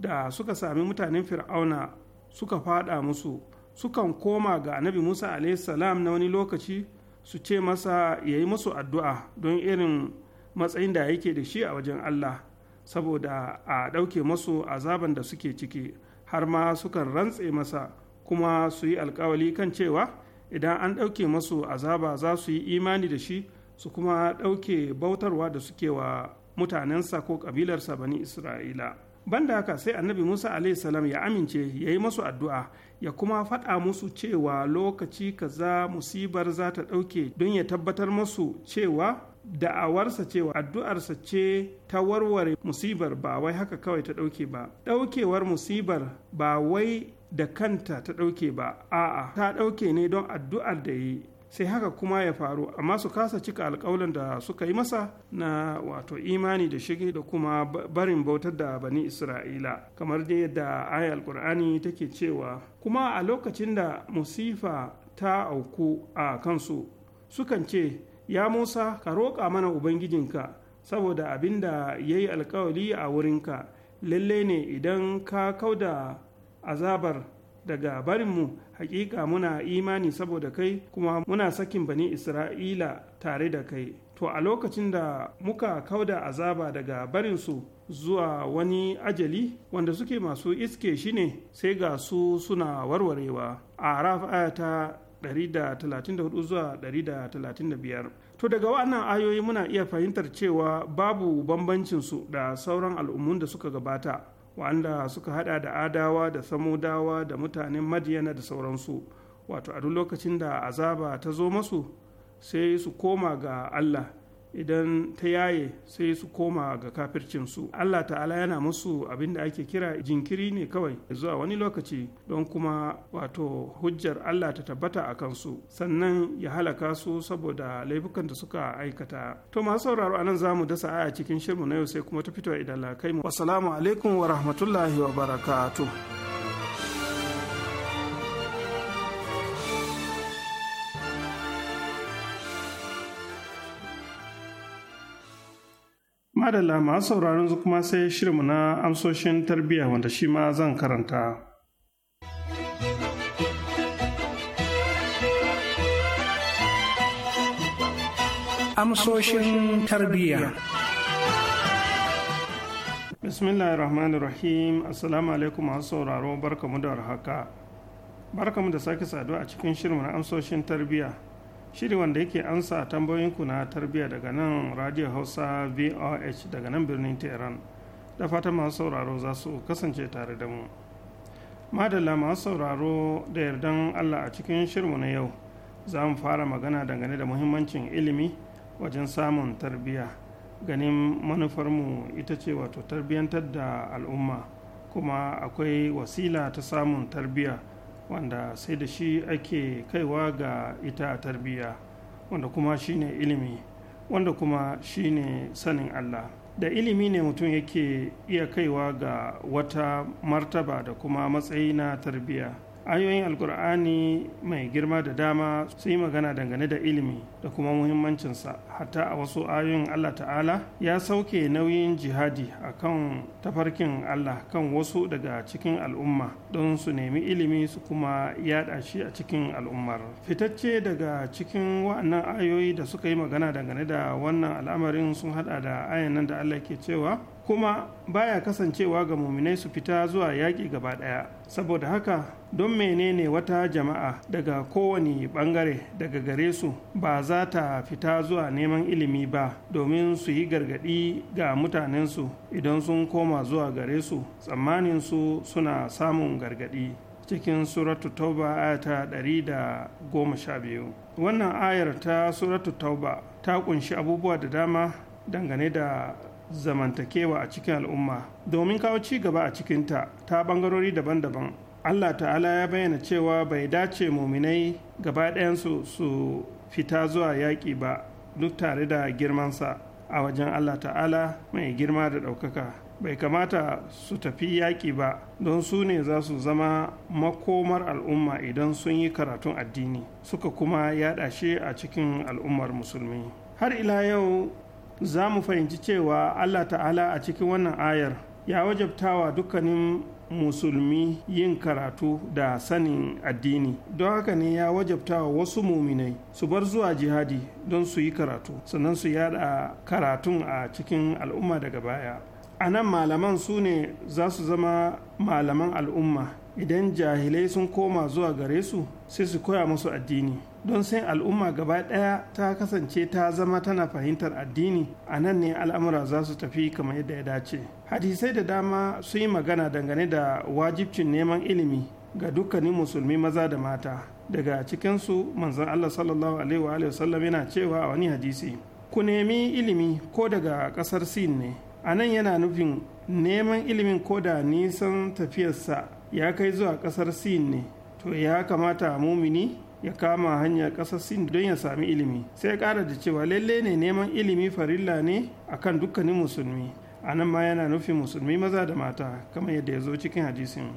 da suka sami mutanen fir'auna suka faɗa musu sukan koma ga annabi musa salam na wani lokaci su ce masa ya yi masu addu'a don irin matsayin da yake da shi a wajen allah saboda a ɗauke masu azaban da suke ciki har ma sukan rantse masa kuma su yi alkawali kan cewa idan an ɗauke masu azaba za su yi imani da shi su kuma ɗauke bautarwa da suke wa mutanensa ko ƙabilarsa bani isra'ila banda haka sai annabi musa salam ya amince ya yi masu addu'a ya kuma faɗa musu cewa lokaci kaza musibar za ta ɗauke don ya tabbatar masu cewa da'awarsa cewa addu'arsa ce ta warware musibar ba wai haka kawai ta ɗauke ba ɗaukewar musibar ba wai da kanta ta ɗauke ba a'a ta ɗauke ne don addu'ar da yi sai haka kuma ya faru amma su kasa cika alkawalin da suka yi masa na wato imani da shige da kuma barin bautar da bani isra'ila kamar dai yadda aya alkur'ani take cewa kuma a lokacin da musifa ta auku a kansu sukan ce ya musa ka roƙa mana ubangijinka saboda abin da ya yi alkawali a wurinka lalle ne idan ka kauda azabar daga barinmu hakika muna imani saboda kai kuma muna sakin bani isra'ila tare da kai to a lokacin da muka kauda azaba daga barinsu zuwa wani ajali wanda suke masu iske shi ne sai ga su suna warwarewa a raf ayata 134 zuwa 135 to daga wannan ayoyi muna iya fahimtar cewa babu bambancinsu da sauran al'ummun da suka gabata wanda suka hada da adawa da samudawa da mutanen madiyana da sauransu wato a duk lokacin da azaba ta zo masu sai su koma ga allah idan ta yaye sai su koma ga kafircinsu allah ta'ala yana musu abin da ake kira jinkiri ne kawai zuwa wani lokaci don kuma wato hujjar allah ta tabbata a kansu sannan ya halaka su saboda laifukan da suka aikata to masu sauraro anan za mu dasa aya cikin shirmu na yau sai kuma ta fito idan la kai mu wasalamu alaikum wa rahmatullahi wa barakatuh Madalla masu sauraron su kuma sai shirinmu na amsoshin tarbiyya wanda shi ma zan karanta. Amsoshin tarbiyya Rahim, Assalamu alaikum masu sauraro barkamu da warhaka. Barkamu da sake saduwa a cikin shirin na amsoshin tarbiyya. shiri wanda yake ansa tambayoyinku na tarbiyya daga nan radio hausa voh daga nan birnin tehran da fatan masu sauraro za su kasance tare da mu madalla masu sauraro da yardan allah a cikin shirmu na yau za mu fara magana dangane da muhimmancin ilimi wajen samun tarbiyya ganin manufarmu ita ce wato tarbiyyantar da al'umma kuma akwai wasila ta samun tarbiyya wanda sai da shi ake kaiwa ga ita a tarbiyya wanda kuma shi ne ilimi wanda kuma shi ne sanin Allah da ilimi ne mutum yake iya kaiwa ga wata martaba da kuma matsayi na tarbiyya ayoyin alkur'ani mai girma da dama su yi magana dangane da ilimi da kuma muhimmancinsa hatta a wasu ayoyin allah ta'ala ya sauke nauyin jihadi a kan tafarkin allah kan wasu daga cikin al'umma don su nemi ilimi su kuma yada shi a cikin al'ummar fitacce daga cikin wa'annan ayoyi da suka yi magana dangane da wannan al'amarin sun hada da ayan nan da allah ke cewa kuma baya kasancewa ga muminai su fita zuwa yaƙi gaba ɗaya saboda haka don menene wata jama'a daga kowane ɓangare daga gare su ba za ta fita zuwa neman ilimi ba domin su yi gargaɗi ga mutanensu idan sun koma zuwa gare su tsammanin su suna samun gargaɗi cikin suratu tauba ayata biyu. wannan ayar ta suratu tauba ta kunshi abubuwa da dama dangane da zamantakewa a cikin al'umma domin kawo ci gaba a cikinta ta bangarori daban-daban allah ta'ala ya bayyana cewa bai dace muminai gaba ɗayansu su fita zuwa yaƙi ba duk tare da girmansa a wajen allah ta'ala mai girma da ɗaukaka bai kamata su tafi yaƙi ba don su ne za su zama makomar al'umma idan sun yi karatun addini suka kuma yaɗa shi a cikin al'ummar musulmi har ila yau za mu fahimci cewa allah ta'ala a cikin wannan ayar ya wajabtawa dukkanin musulmi yin karatu da sanin addini don haka ne ya wajabta wa wasu muminai su bar zuwa jihadi don su yi karatu sannan su yada karatun a cikin al'umma daga baya a nan malaman su ne za su zama malaman al'umma idan jahilai sun koma zuwa gare su sai su koya musu addini don sai al'umma gaba ɗaya ta kasance ta zama tana fahimtar addini a nan ne al'amura za su tafi kamar yadda ya dace hadisai da dama sun yi magana dangane da wajibcin neman ilimi ga dukkanin musulmi maza da mata daga cikinsu manzon allah sallallahu alaihi wa sallam yana cewa a wani hadisi ku nemi ilimi ko daga ƙasar sin ne a nan yana nufin neman ilimin ko da nisan tafiyarsa ya kai zuwa ƙasar sin ne to ya kamata mumini ya kama hanyar ƙasar sin don ya sami ilimi sai ya ƙara da cewa lalle ne neman ilimi farilla ne a kan dukkanin musulmi a nan ma yana nufin musulmi maza da mata Kama yadda ya zo cikin hadisin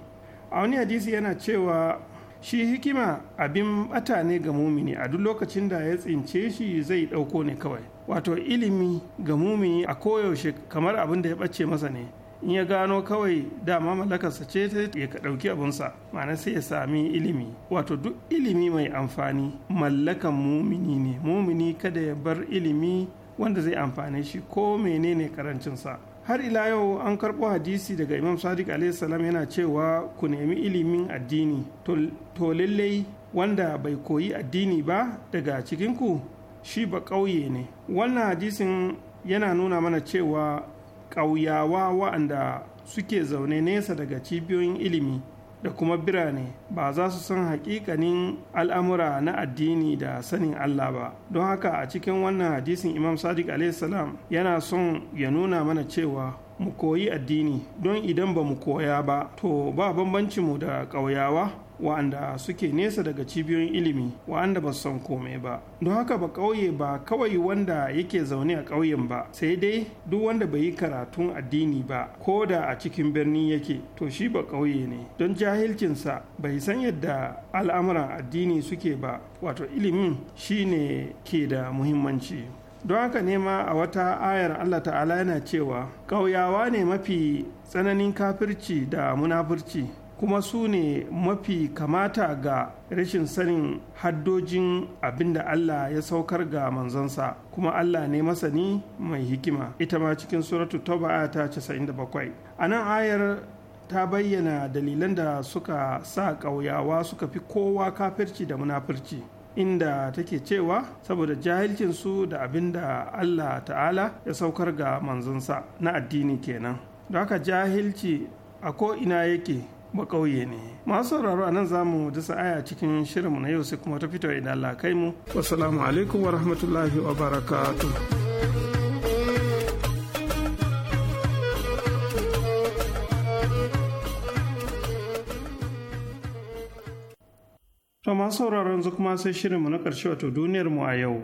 a wani hadisi yana cewa shi hikima abin bata ne ga mumini a duk lokacin da ya tsince shi zai ɗauko ne kawai wato ilimi ga mumini a koyaushe kamar abin da ya ɓace masa ne in ya gano kawai dama mallakarsa ce ta ya ɗauki abunsa ma'ana sai ya sami ilimi wato duk ilimi mai amfani mallakan mumini ne mumini kada ya bar ilimi wanda zai amfane shi ko menene karancinsa har ila yau an karɓo hadisi daga imam sadiq salam yana cewa ku nemi ilimin addini to lallai wanda bai koyi addini ba daga cikinku shi ba ƙauye ne wannan hadisin yana nuna mana cewa ƙauyawa wa'anda suke zaune nesa daga cibiyoyin ilimi da kuma birane ba za su san haƙiƙanin al'amura na addini da sanin Allah ba don haka a cikin wannan hadisin imam sadiq salam yana son ya nuna mana cewa mu koyi addini don idan ba mu koya ba to ba mu da ƙauyawa wa'anda suke nesa daga cibiyoyin ilimi wa'anda ba su san komai ba don haka ba ƙauye ba kawai wanda yake zaune a ƙauyen ba sai dai duk wanda bai yi karatun addini ba ko da a cikin birni yake to shi ba ƙauye ne don jahilcinsa bai san yadda al'amuran addini suke ba wato ilimin shi ne ke da muhimmanci don haka nema a wata ayar Allah ta'ala yana cewa ƙauyawa ne mafi tsananin kafirci da munafurci kuma su ne mafi kamata ga rashin sanin haddojin abinda Allah ya saukar ga manzansa kuma Allah ne masani mai hikima ita ma cikin suratu tauba ta 97 a nan ayar ta bayyana dalilan da suka sa ƙauyawa suka fi kowa kafirci da munafirci inda take cewa saboda jahilcinsu da abinda Allah ta'ala ya saukar ga manzansa na addini kenan da haka jahilci a ko ina yake bakauye ne masu sauraro a nan zamu sa aya cikin shirinmu na yau sai kuma ta fito idan Allah kai mu assalamu alaikum wa rahmatullahi wa barakatuh To masu sauraron yanzu kuma sai shirinmu na karshe wato duniyar mu a yau.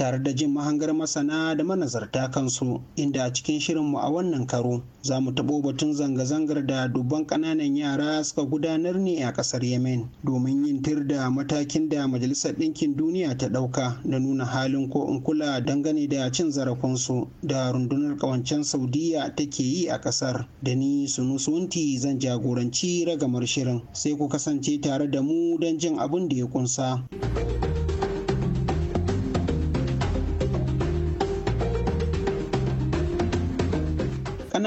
tare da jin mahangar masana da manazarta kansu inda a cikin shirinmu a wannan karo za mu taɓo batun zanga-zangar da dubban ƙananan yara suka gudanar ne a ƙasar yemen domin yin tir da matakin da majalisar ɗinkin duniya ta ɗauka da nuna halin ko in kula dangane da cin zarafinsu da rundunar ƙawancen saudiya take yi a ƙasar da ni su wunti zan jagoranci ragamar shirin sai ku kasance tare da mu don jin abin da ya kunsa.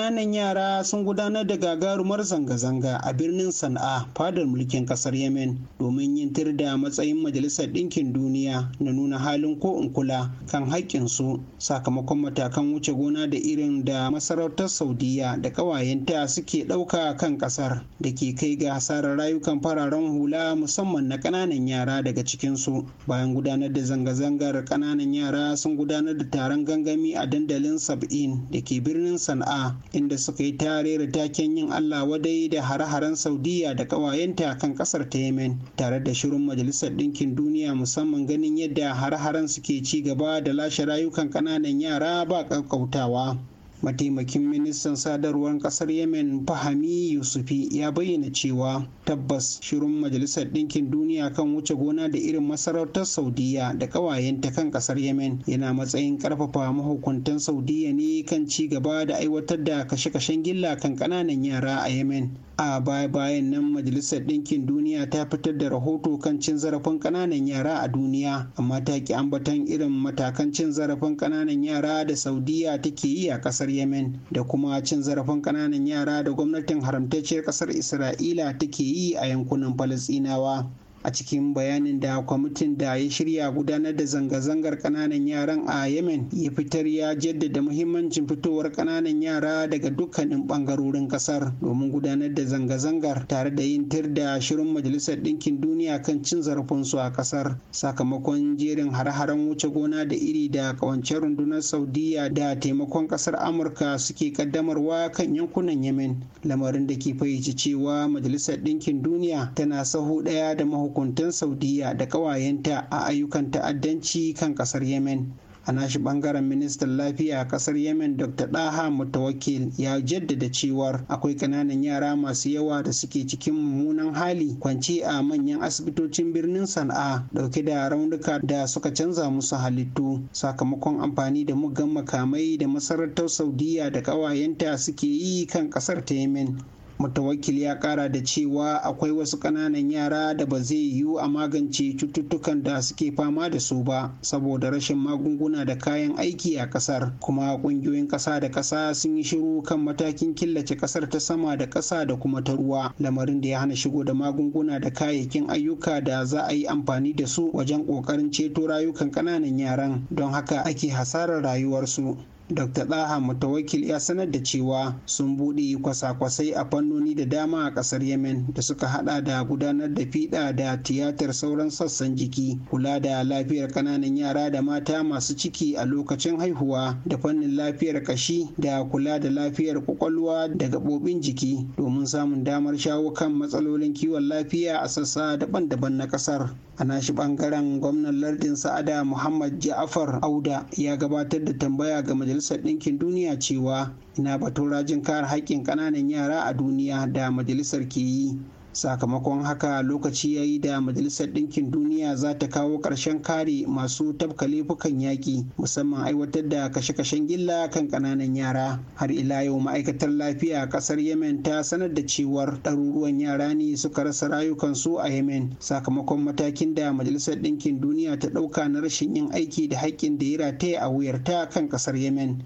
ƙananan yara sun gudanar da gagarumar zanga-zanga a birnin sana'a fadar mulkin ƙasar yemen domin yin tir da matsayin majalisar ɗinkin duniya na nuna halin ko in kula kan haƙƙinsu sakamakon matakan wuce gona da irin da masarautar saudiya da ƙawayenta suke ɗauka kan ƙasar da ke kai ga hasarar rayukan fararen hula musamman na ƙananan yara daga cikinsu bayan gudanar da zanga-zangar ƙananan yara sun gudanar da taron gangami a dandalin sab'in da ke birnin sana'a inda suka yi tarera taken yin Allah wadai da hare-haren Saudiya da ƙawayenta kan ƙasar ta Yemen tare da shirin Majalisar Ɗinkin Duniya musamman ganin yadda hare-haren suke ci gaba da lashe rayukan ƙananan yara ba ƙaƙƙautawa. mataimakin ministan sadarwar kasar yemen fahami yusufi ya bayyana cewa tabbas shirin majalisar ɗinkin duniya kan wuce gona da irin masarautar saudiya da ƙawayenta kan kasar yemen yana matsayin ƙarfafa mahukuntan saudiya ne kan ci gaba da aiwatar da kashe-kashen gilla kan ƙananan yara a yemen a baya bayan nan majalisar ɗinkin duniya ta fitar da rahoto kan cin zarafin ƙananan yara a duniya amma ta ki ambatan irin matakan cin zarafin ƙananan yara da saudiya take yi a ƙasar yemen da kuma cin zarafin ƙananan yara da gwamnatin haramtacciyar ƙasar isra'ila take yi a yankunan Falasinawa. a cikin bayanin da kwamitin da ya shirya gudanar da zanga-zangar kananan yaran a yemen ya fitar ya jaddada muhimmancin fitowar kananan yara daga dukkanin bangarorin kasar domin gudanar da zanga-zangar tare da yin tir da shirin majalisar ɗinkin duniya kan cin zarafinsu a kasar sakamakon jerin hare-haren wuce gona da iri da kawancen rundunar saudiya da taimakon kasar amurka suke kaddamarwa kan yankunan yemen lamarin da ke fayyace cewa majalisar ɗinkin duniya tana saho ɗaya da mahu mahukuntan saudiya da ƙawayenta a ayyukan ta'addanci kan ƙasar yemen a nashi bangaren ministan lafiya a kasar yemen dr daha mutawakil ya jaddada cewar akwai kananan yara masu yawa da suke cikin mummunan hali kwanci a manyan asibitocin birnin sana'a dauke da raunuka da suka canza musu halittu sakamakon amfani da muggan makamai da masarautar saudiya da kawayenta suke yi kan kasar ta yemen mutawakil ya kara da cewa akwai wasu ƙananan yara da ba zai yiwu a magance cututtukan da suke fama da su ba saboda rashin magunguna da kayan aiki a ƙasar kuma ƙungiyoyin ƙasa da ƙasa sun yi shiru kan matakin killace ƙasar ta sama da ƙasa da kuma ta ruwa lamarin da ya hana shigo da magunguna da kayayyakin ayyuka da za a yi amfani da su wajen ƙoƙarin ceto rayukan ƙananan yaran don haka ake hasarar rayuwarsu dr daha mutawakil ya sanar da cewa sun buɗe kwasa-kwasai a fannoni da dama a ƙasar yemen da suka hada da gudanar da fiɗa da tiyatar sauran sassan jiki kula da lafiyar ƙananan yara da mata masu ciki a lokacin haihuwa da fannin lafiyar ƙashi da kula da lafiyar kwakwalwa da gaɓoɓin jiki domin samun damar shawo kan matsalolin kiwon lafiya a sassa daban-daban na ƙasar a nashi bangaren gwamnan lardin sa'ada muhammad ja'afar auda ya gabatar da tambaya ga majalisar ɗinkin duniya cewa ina batun rajin kare haƙƙin ƙananan yara a duniya da majalisar ke yi sakamakon haka lokaci ya yi da majalisar ɗinkin duniya za ta kawo ƙarshen kare masu tabka laifukan yaƙi musamman aiwatar da kashe-kashen gilla kan ƙananan yara har ila yau ma'aikatar lafiya ƙasar yemen ta sanar da cewar ɗaruruwan yara ne suka rasa rayukansu a yemen sakamakon matakin da majalisar ɗinkin duniya ta ɗauka na rashin yin aiki da haƙƙin da ya rataya a wuyarta kan ƙasar yemen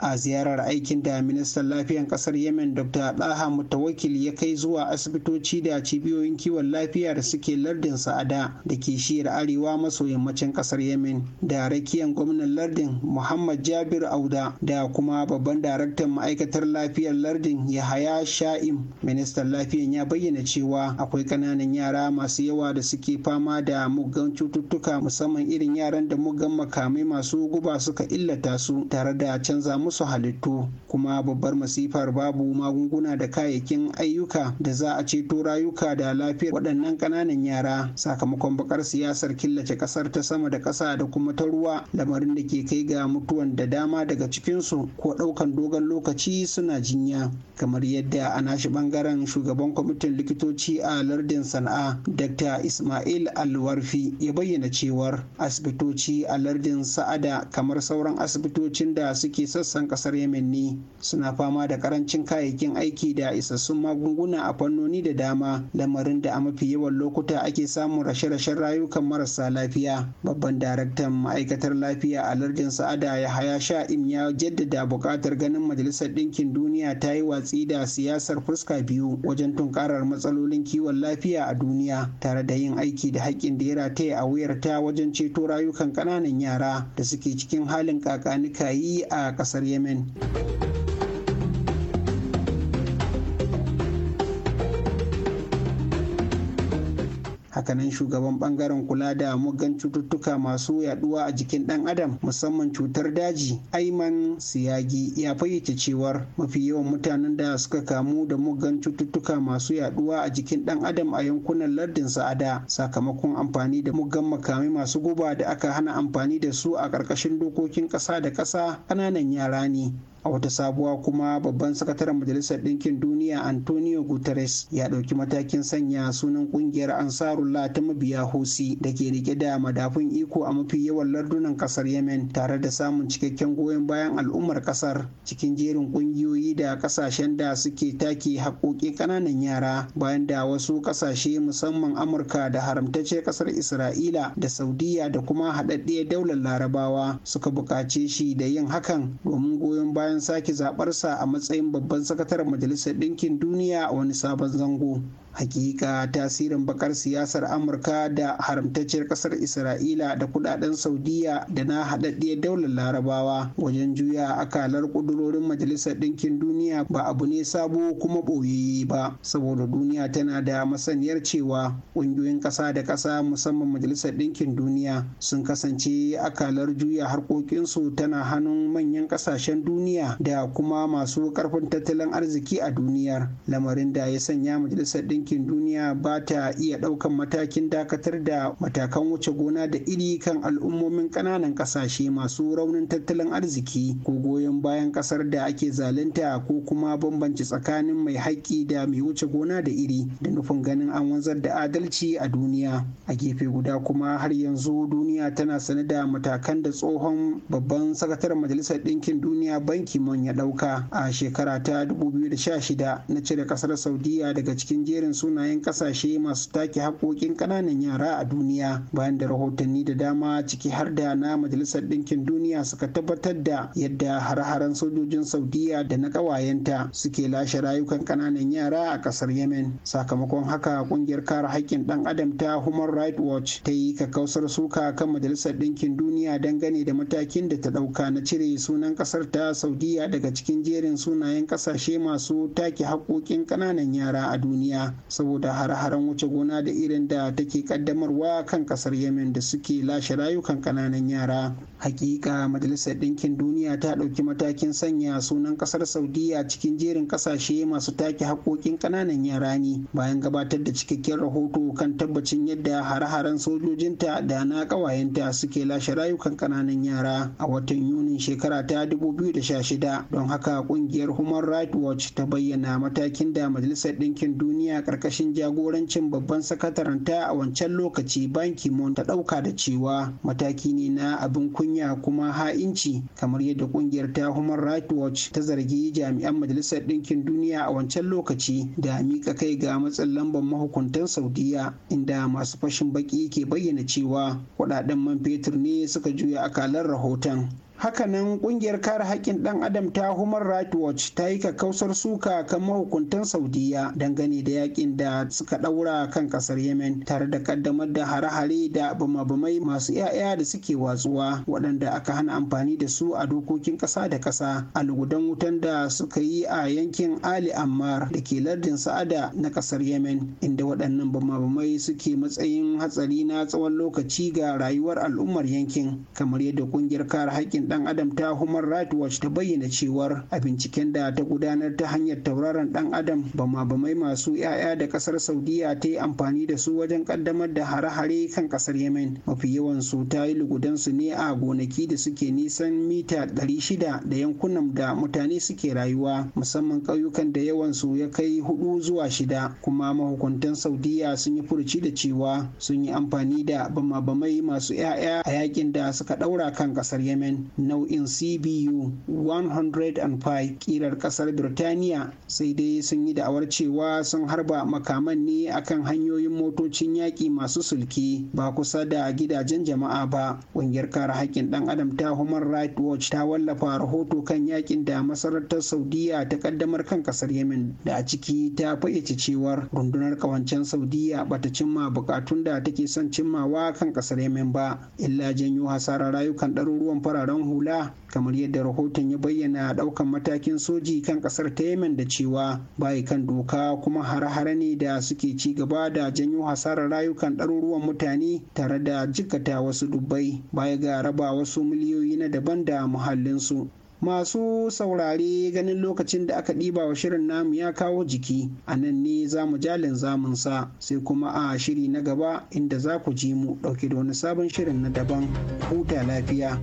a ziyarar aikin da ministan lafiyan kasar yemen dr daha mutawakil ya kai zuwa asibitoci da cibiyoyin kiwon lafiya da suke lardin sa'ada da ke shiyar arewa maso yammacin kasar yemen da rakiyan gwamnan lardin muhammad jabir auda da kuma babban daraktan ma'aikatar lafiyar lardin yahaya sha'im ministan lafiyan ya bayyana cewa akwai kananan yara masu yawa da suke fama da muggan cututtuka musamman irin yaran da muggan makamai masu guba suka illata su tare da canza musu halittu kuma babbar masifar babu magunguna da kayayyakin ayyuka da za a ceto rayuka da lafiyar waɗannan ƙananan yara sakamakon bakar siyasar killace ƙasar ta sama da ƙasa da kuma ta ruwa lamarin da ke kai ga mutuwan da dama daga cikinsu ko ɗaukan dogon lokaci suna jinya kamar yadda a nashi ɓangaren shugaban kwamitin likitoci a lardin sana'a dr ismail alwarfi ya bayyana cewar asibitoci a lardin sa'ada kamar sauran asibitocin da suke sassa sassan kasar yemen ne suna fama da karancin kayayyakin aiki da isassun magunguna a fannoni da dama lamarin da a mafi yawan lokuta ake samun rashe-rashen rayukan marasa lafiya babban daraktan ma'aikatar lafiya a lardin sa'ada ya haya sha'im ya jaddada buƙatar ganin majalisar ɗinkin duniya ta yi watsi da siyasar fuska biyu wajen tunkarar matsalolin kiwon lafiya a duniya tare da yin aiki da haƙƙin da ya rataye a wuyarta wajen ceto rayukan ƙananan yara da suke cikin halin kakanikayi a ƙasar Yemen. hakanan shugaban bangaren kula da muggan cututtuka masu yaduwa a jikin dan adam musamman cutar daji aiman siyagi ya fayyace cewar mafi yawan mutanen da suka kamu da muggan cututtuka masu yaduwa a jikin dan adam a yankunan lardin sa'ada sakamakon amfani da muggan makamai masu guba da aka hana amfani da su a ƙarƙashin dokokin ƙasa da ƙasa ƙananan yara ne a wata sabuwa kuma babban sakataren majalisar ɗinkin duniya antonio guterres ya ɗauki matakin sanya sunan ƙungiyar ansarullah ta mabiya hosi da ke rike da madafun iko a mafi yawan lardunan ƙasar yemen tare da samun cikakken goyon bayan al'ummar ƙasar cikin jerin ƙungiyoyi da ƙasashen da suke take haƙoƙin ƙananan yara bayan da wasu ƙasashe musamman amurka da haramtacce ƙasar isra'ila da saudiya da kuma haɗaɗɗiyar daular larabawa suka buƙace shi da yin hakan domin goyon bayan an sake zabarsa a matsayin babban sakataren majalisar ɗinkin duniya a wani sabon zango hakika tasirin bakar siyasar amurka da haramtacciyar kasar isra'ila da kudaden saudiya da na haɗaɗɗiyar daular larabawa wajen juya akalar ƙudurorin majalisar ɗinkin duniya ba abu ne sabo kuma ɓoyayye ba saboda duniya tana da masaniyar cewa ƙungiyoyin ƙasa da ƙasa musamman majalisar ɗinkin duniya sun kasance akalar juya harkokinsu tana hannun manyan ƙasashen duniya da kuma masu ƙarfin tattalin arziki a duniyar lamarin da ya sanya majalisar ɗinkin ɗinkin duniya ba ta iya ɗaukan matakin dakatar da matakan wuce gona da iri kan al'ummomin ƙananan ƙasashe masu raunin tattalin arziki ko goyon bayan ƙasar da ake zalunta ko kuma bambanci tsakanin mai haƙƙi da mai wuce gona da iri da nufin ganin an wanzar da adalci a duniya a gefe guda kuma har yanzu duniya tana sane da matakan da tsohon babban sakataren majalisar ɗinkin duniya banki mon ya ɗauka a shekara ta 2016 na cire ƙasar saudiya daga cikin jerin irin sunayen kasashe masu take haƙoƙin ƙananan yara a duniya bayan da rahotanni da dama ciki har da na majalisar ɗinkin duniya suka tabbatar da yadda har-haren sojojin saudiya da na ƙawayenta suke lashe rayukan ƙananan yara a ƙasar yemen sakamakon haka ƙungiyar kare haƙƙin ɗan adam ta human rights watch ta yi kakkausar suka kan majalisar ɗinkin duniya dangane da matakin da ta ɗauka na cire sunan ƙasar ta saudiya daga cikin jerin sunayen ƙasashe masu take haƙoƙin ƙananan yara a duniya saboda har-haren wuce gona da irin da take kaddamarwa kan kasar yemen da suke lashe rayukan kananan yara hakika majalisar ɗinkin duniya ta ɗauki matakin sanya sunan kasar saudiya cikin jerin ƙasashe masu take haƙoƙin kananan yara ne bayan gabatar da cikakken rahoto kan tabbacin yadda har-haren sojojinta da na ƙawayenta suke lashe rayukan kananan yara a watan yunin shekara ta 2016 don haka ƙungiyar human rights watch ta bayyana matakin da majalisar ɗinkin duniya karkashin jagorancin babban sakataren ta a wancan lokaci ban kimon ta dauka da cewa mataki ne na abin kunya kuma ha'inci kamar yadda kungiyar ta human rights watch ta zargi jami'an majalisar ɗinkin duniya a wancan lokaci da mika kai ga matsin lambar mahukuntan saudiya inda masu fashin baki ke bayyana cewa kuɗaɗen man fetur ne suka juya akalar rahoton hakanan kungiyar kare haƙƙin ɗan adam ta human rights watch ta yi kakkausar suka kan mahukuntan saudiya dangane da yakin da suka ɗaura kan ƙasar yemen tare da ƙaddamar da hare-hare da bamabamai masu 'ya'ya da suke watsuwa waɗanda aka hana amfani da su a dokokin ƙasa da ƙasa a lugudan wutan da suka yi a yankin ali ammar da ke lardin sa'ada na ƙasar yemen inda waɗannan bamabamai suke matsayin hatsari na tsawon lokaci ga rayuwar al'ummar yankin kamar yadda kungiyar kare haƙƙin dan adam ta human rights watch ta bayyana cewar a binciken da ta gudanar ta hanyar tauraron dan adam bama bamai masu 'ya'ya da kasar saudiya ta yi amfani da su wajen kaddamar da hare-hare kan kasar yemen mafi yawan su ta yi lugudansu ne a gonaki da suke nisan mita 600 da yankunan da mutane suke rayuwa musamman ƙauyukan da yawan su ya kai hudu zuwa shida kuma mahukuntan saudiya sun yi furuci da cewa sun yi amfani da bama-bamai masu 'ya'ya a yakin da suka daura kan kasar yemen nau'in cbu 105 kirar kasar birtaniya sai dai sun yi da'awar cewa sun harba makaman ne akan hanyoyin motocin yaƙi masu sulki ba kusa da gidajen jama'a ba ƙungiyar kare haƙƙin ɗan adam ta human rights watch ta wallafa rahoto kan yaƙin da masarautar saudiya ta ƙaddamar kan kasar yemen da a ciki ta fayyace cewar rundunar ƙawancen saudiya bata cimma bukatun da take son cimmawa kan kasar yemen ba illa janyo hasarar rayukan ɗaruruwan fararen hula kamar yadda rahoton ya bayyana daukan matakin soji kan kasar ta yemen da cewa bayi kan doka kuma har hare ne da suke ci gaba da janyo hasarar rayukan ɗaruruwan mutane tare da jikata wasu dubbai baya ga raba wasu miliyoyi na daban da muhallinsu masu saurare ganin lokacin da aka ɗiba wa shirin namu ya kawo jiki a nan ne za mu jalin zamunsa sai kuma a shiri na gaba inda za ku ji mu ɗauke da wani sabon shirin na daban huta lafiya.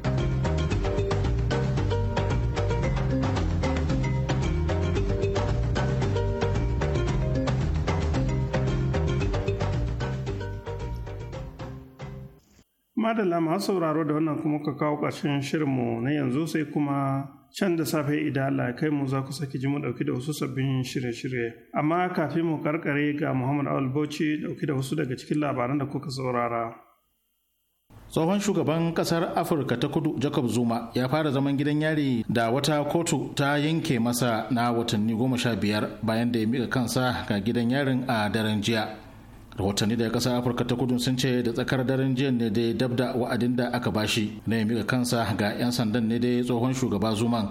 madalla masu sauraro da wannan kuma ka kawo ƙarshen shirinmu na yanzu sai kuma can da safe idan Allah kai mu za ku saki ji mu dauki da wasu sabbin shirye-shirye amma kafin mu karkare ga Muhammad Awal Bauchi dauki da wasu daga cikin labaran da kuka saurara tsohon shugaban kasar afirka ta kudu jacob zuma ya fara zaman gidan yari da wata kotu ta yanke masa na watanni goma sha biyar bayan da ya mika kansa ga gidan yarin a daren jiya rahotanni daga kasar afirka ta kudu sun ce da tsakar daren jiya ne dai dab da wa'adin da aka bashi na ya kansa ga 'yan sandan ne dai tsohon shugaba zuman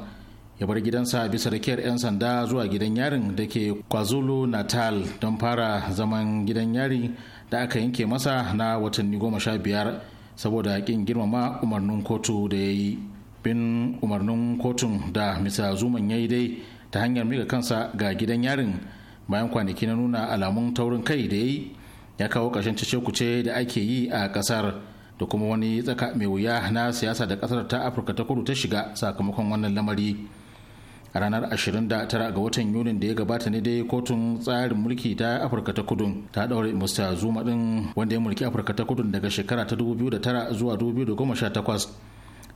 ya bar gidansa bisa rakiyar 'yan sanda zuwa gidan yarin da ke kwazulu natal don fara zaman gidan yari da aka yanke masa na watanni goma sha biyar saboda kin girmama umarnin kotu da ya yi bin umarnin kotun da misa zuman ya yi dai ta hanyar mika kansa ga gidan yarin bayan kwanaki na nuna alamun taurin kai da ya yi ya kawo ƙarshen cece kuce da ake yi a ƙasar da kuma wani tsaka mai wuya na siyasa da ƙasar ta afirka ta kudu ta shiga sakamakon wannan lamari a ranar 29 ga watan yunin da ya gabata ne dai kotun tsarin mulki ta afirka ta kudu ta daure musta zuma din wanda ya mulki afirka ta kudu daga shekara ta 2009 zuwa 2018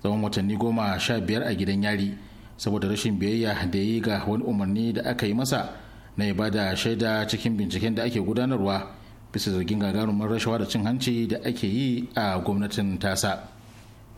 tsawon watanni goma sha biyar a gidan yari saboda rashin biyayya da ya yi ga wani umarni da aka yi masa na ibada shaida cikin binciken da ake gudanarwa bisa zargin gagarumar rashawa da cin hanci da ake yi a gwamnatin tasa.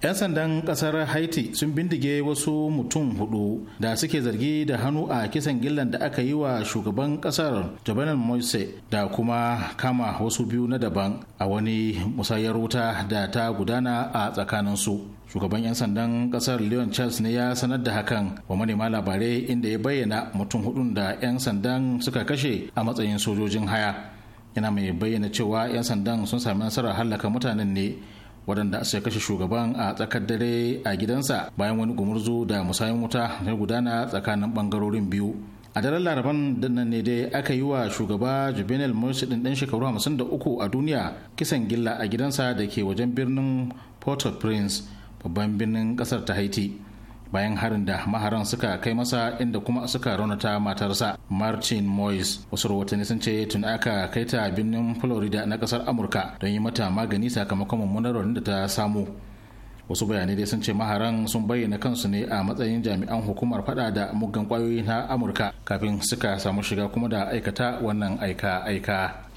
'yan sandan kasar haiti sun bindige wasu mutum hudu da suke zargi da hannu a kisan gillan da aka yi wa shugaban kasar jovenel moise da kuma kama wasu biyu na daban a wani musayar wuta da ta gudana a tsakaninsu shugaban 'yan sandan kasar leon charles ne ya sanar da hakan wa manema labarai inda ya bayyana mutum hudun da 'yan sandan suka kashe a matsayin sojojin haya yana mai bayyana cewa 'yan sandan sun sami nasarar hallaka mutanen ne waɗanda suka kashe shugaban a tsakar dare a gidansa bayan wani gumurzu da musayin wuta na gudana tsakanin ɓangarorin biyu a daren laraban dinnan ne dai aka yi wa shugaba juvenal morsi din dan shekaru hamsin 53 a duniya kisan gilla a gidansa da ke wajen birnin port-au-prince babban birnin kasar ta haiti bayan harin da maharan suka kai masa inda kuma suka raunata matarsa martin moyes wasu rahotanni sun ce tun aka kai ta birnin florida na kasar amurka don yi mata magani sakamakon mummunar raunin da ta samu wasu bayanai dai sun ce maharan sun bayyana kansu ne a matsayin jami'an hukumar fada da mugan kwayoyi na amurka kafin suka samu shiga kuma da aikata wannan aika aika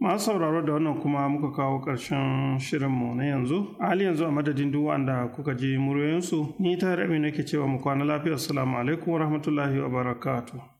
masu sauraro da wannan kuma muka kawo ƙarshen mu. na yanzu hali yanzu a madadin duk wanda kuka ji muryoyinsu ni tare nake cewa mu kwana lafiya assalamu alaikum wa rahmatullahi wa barakatuh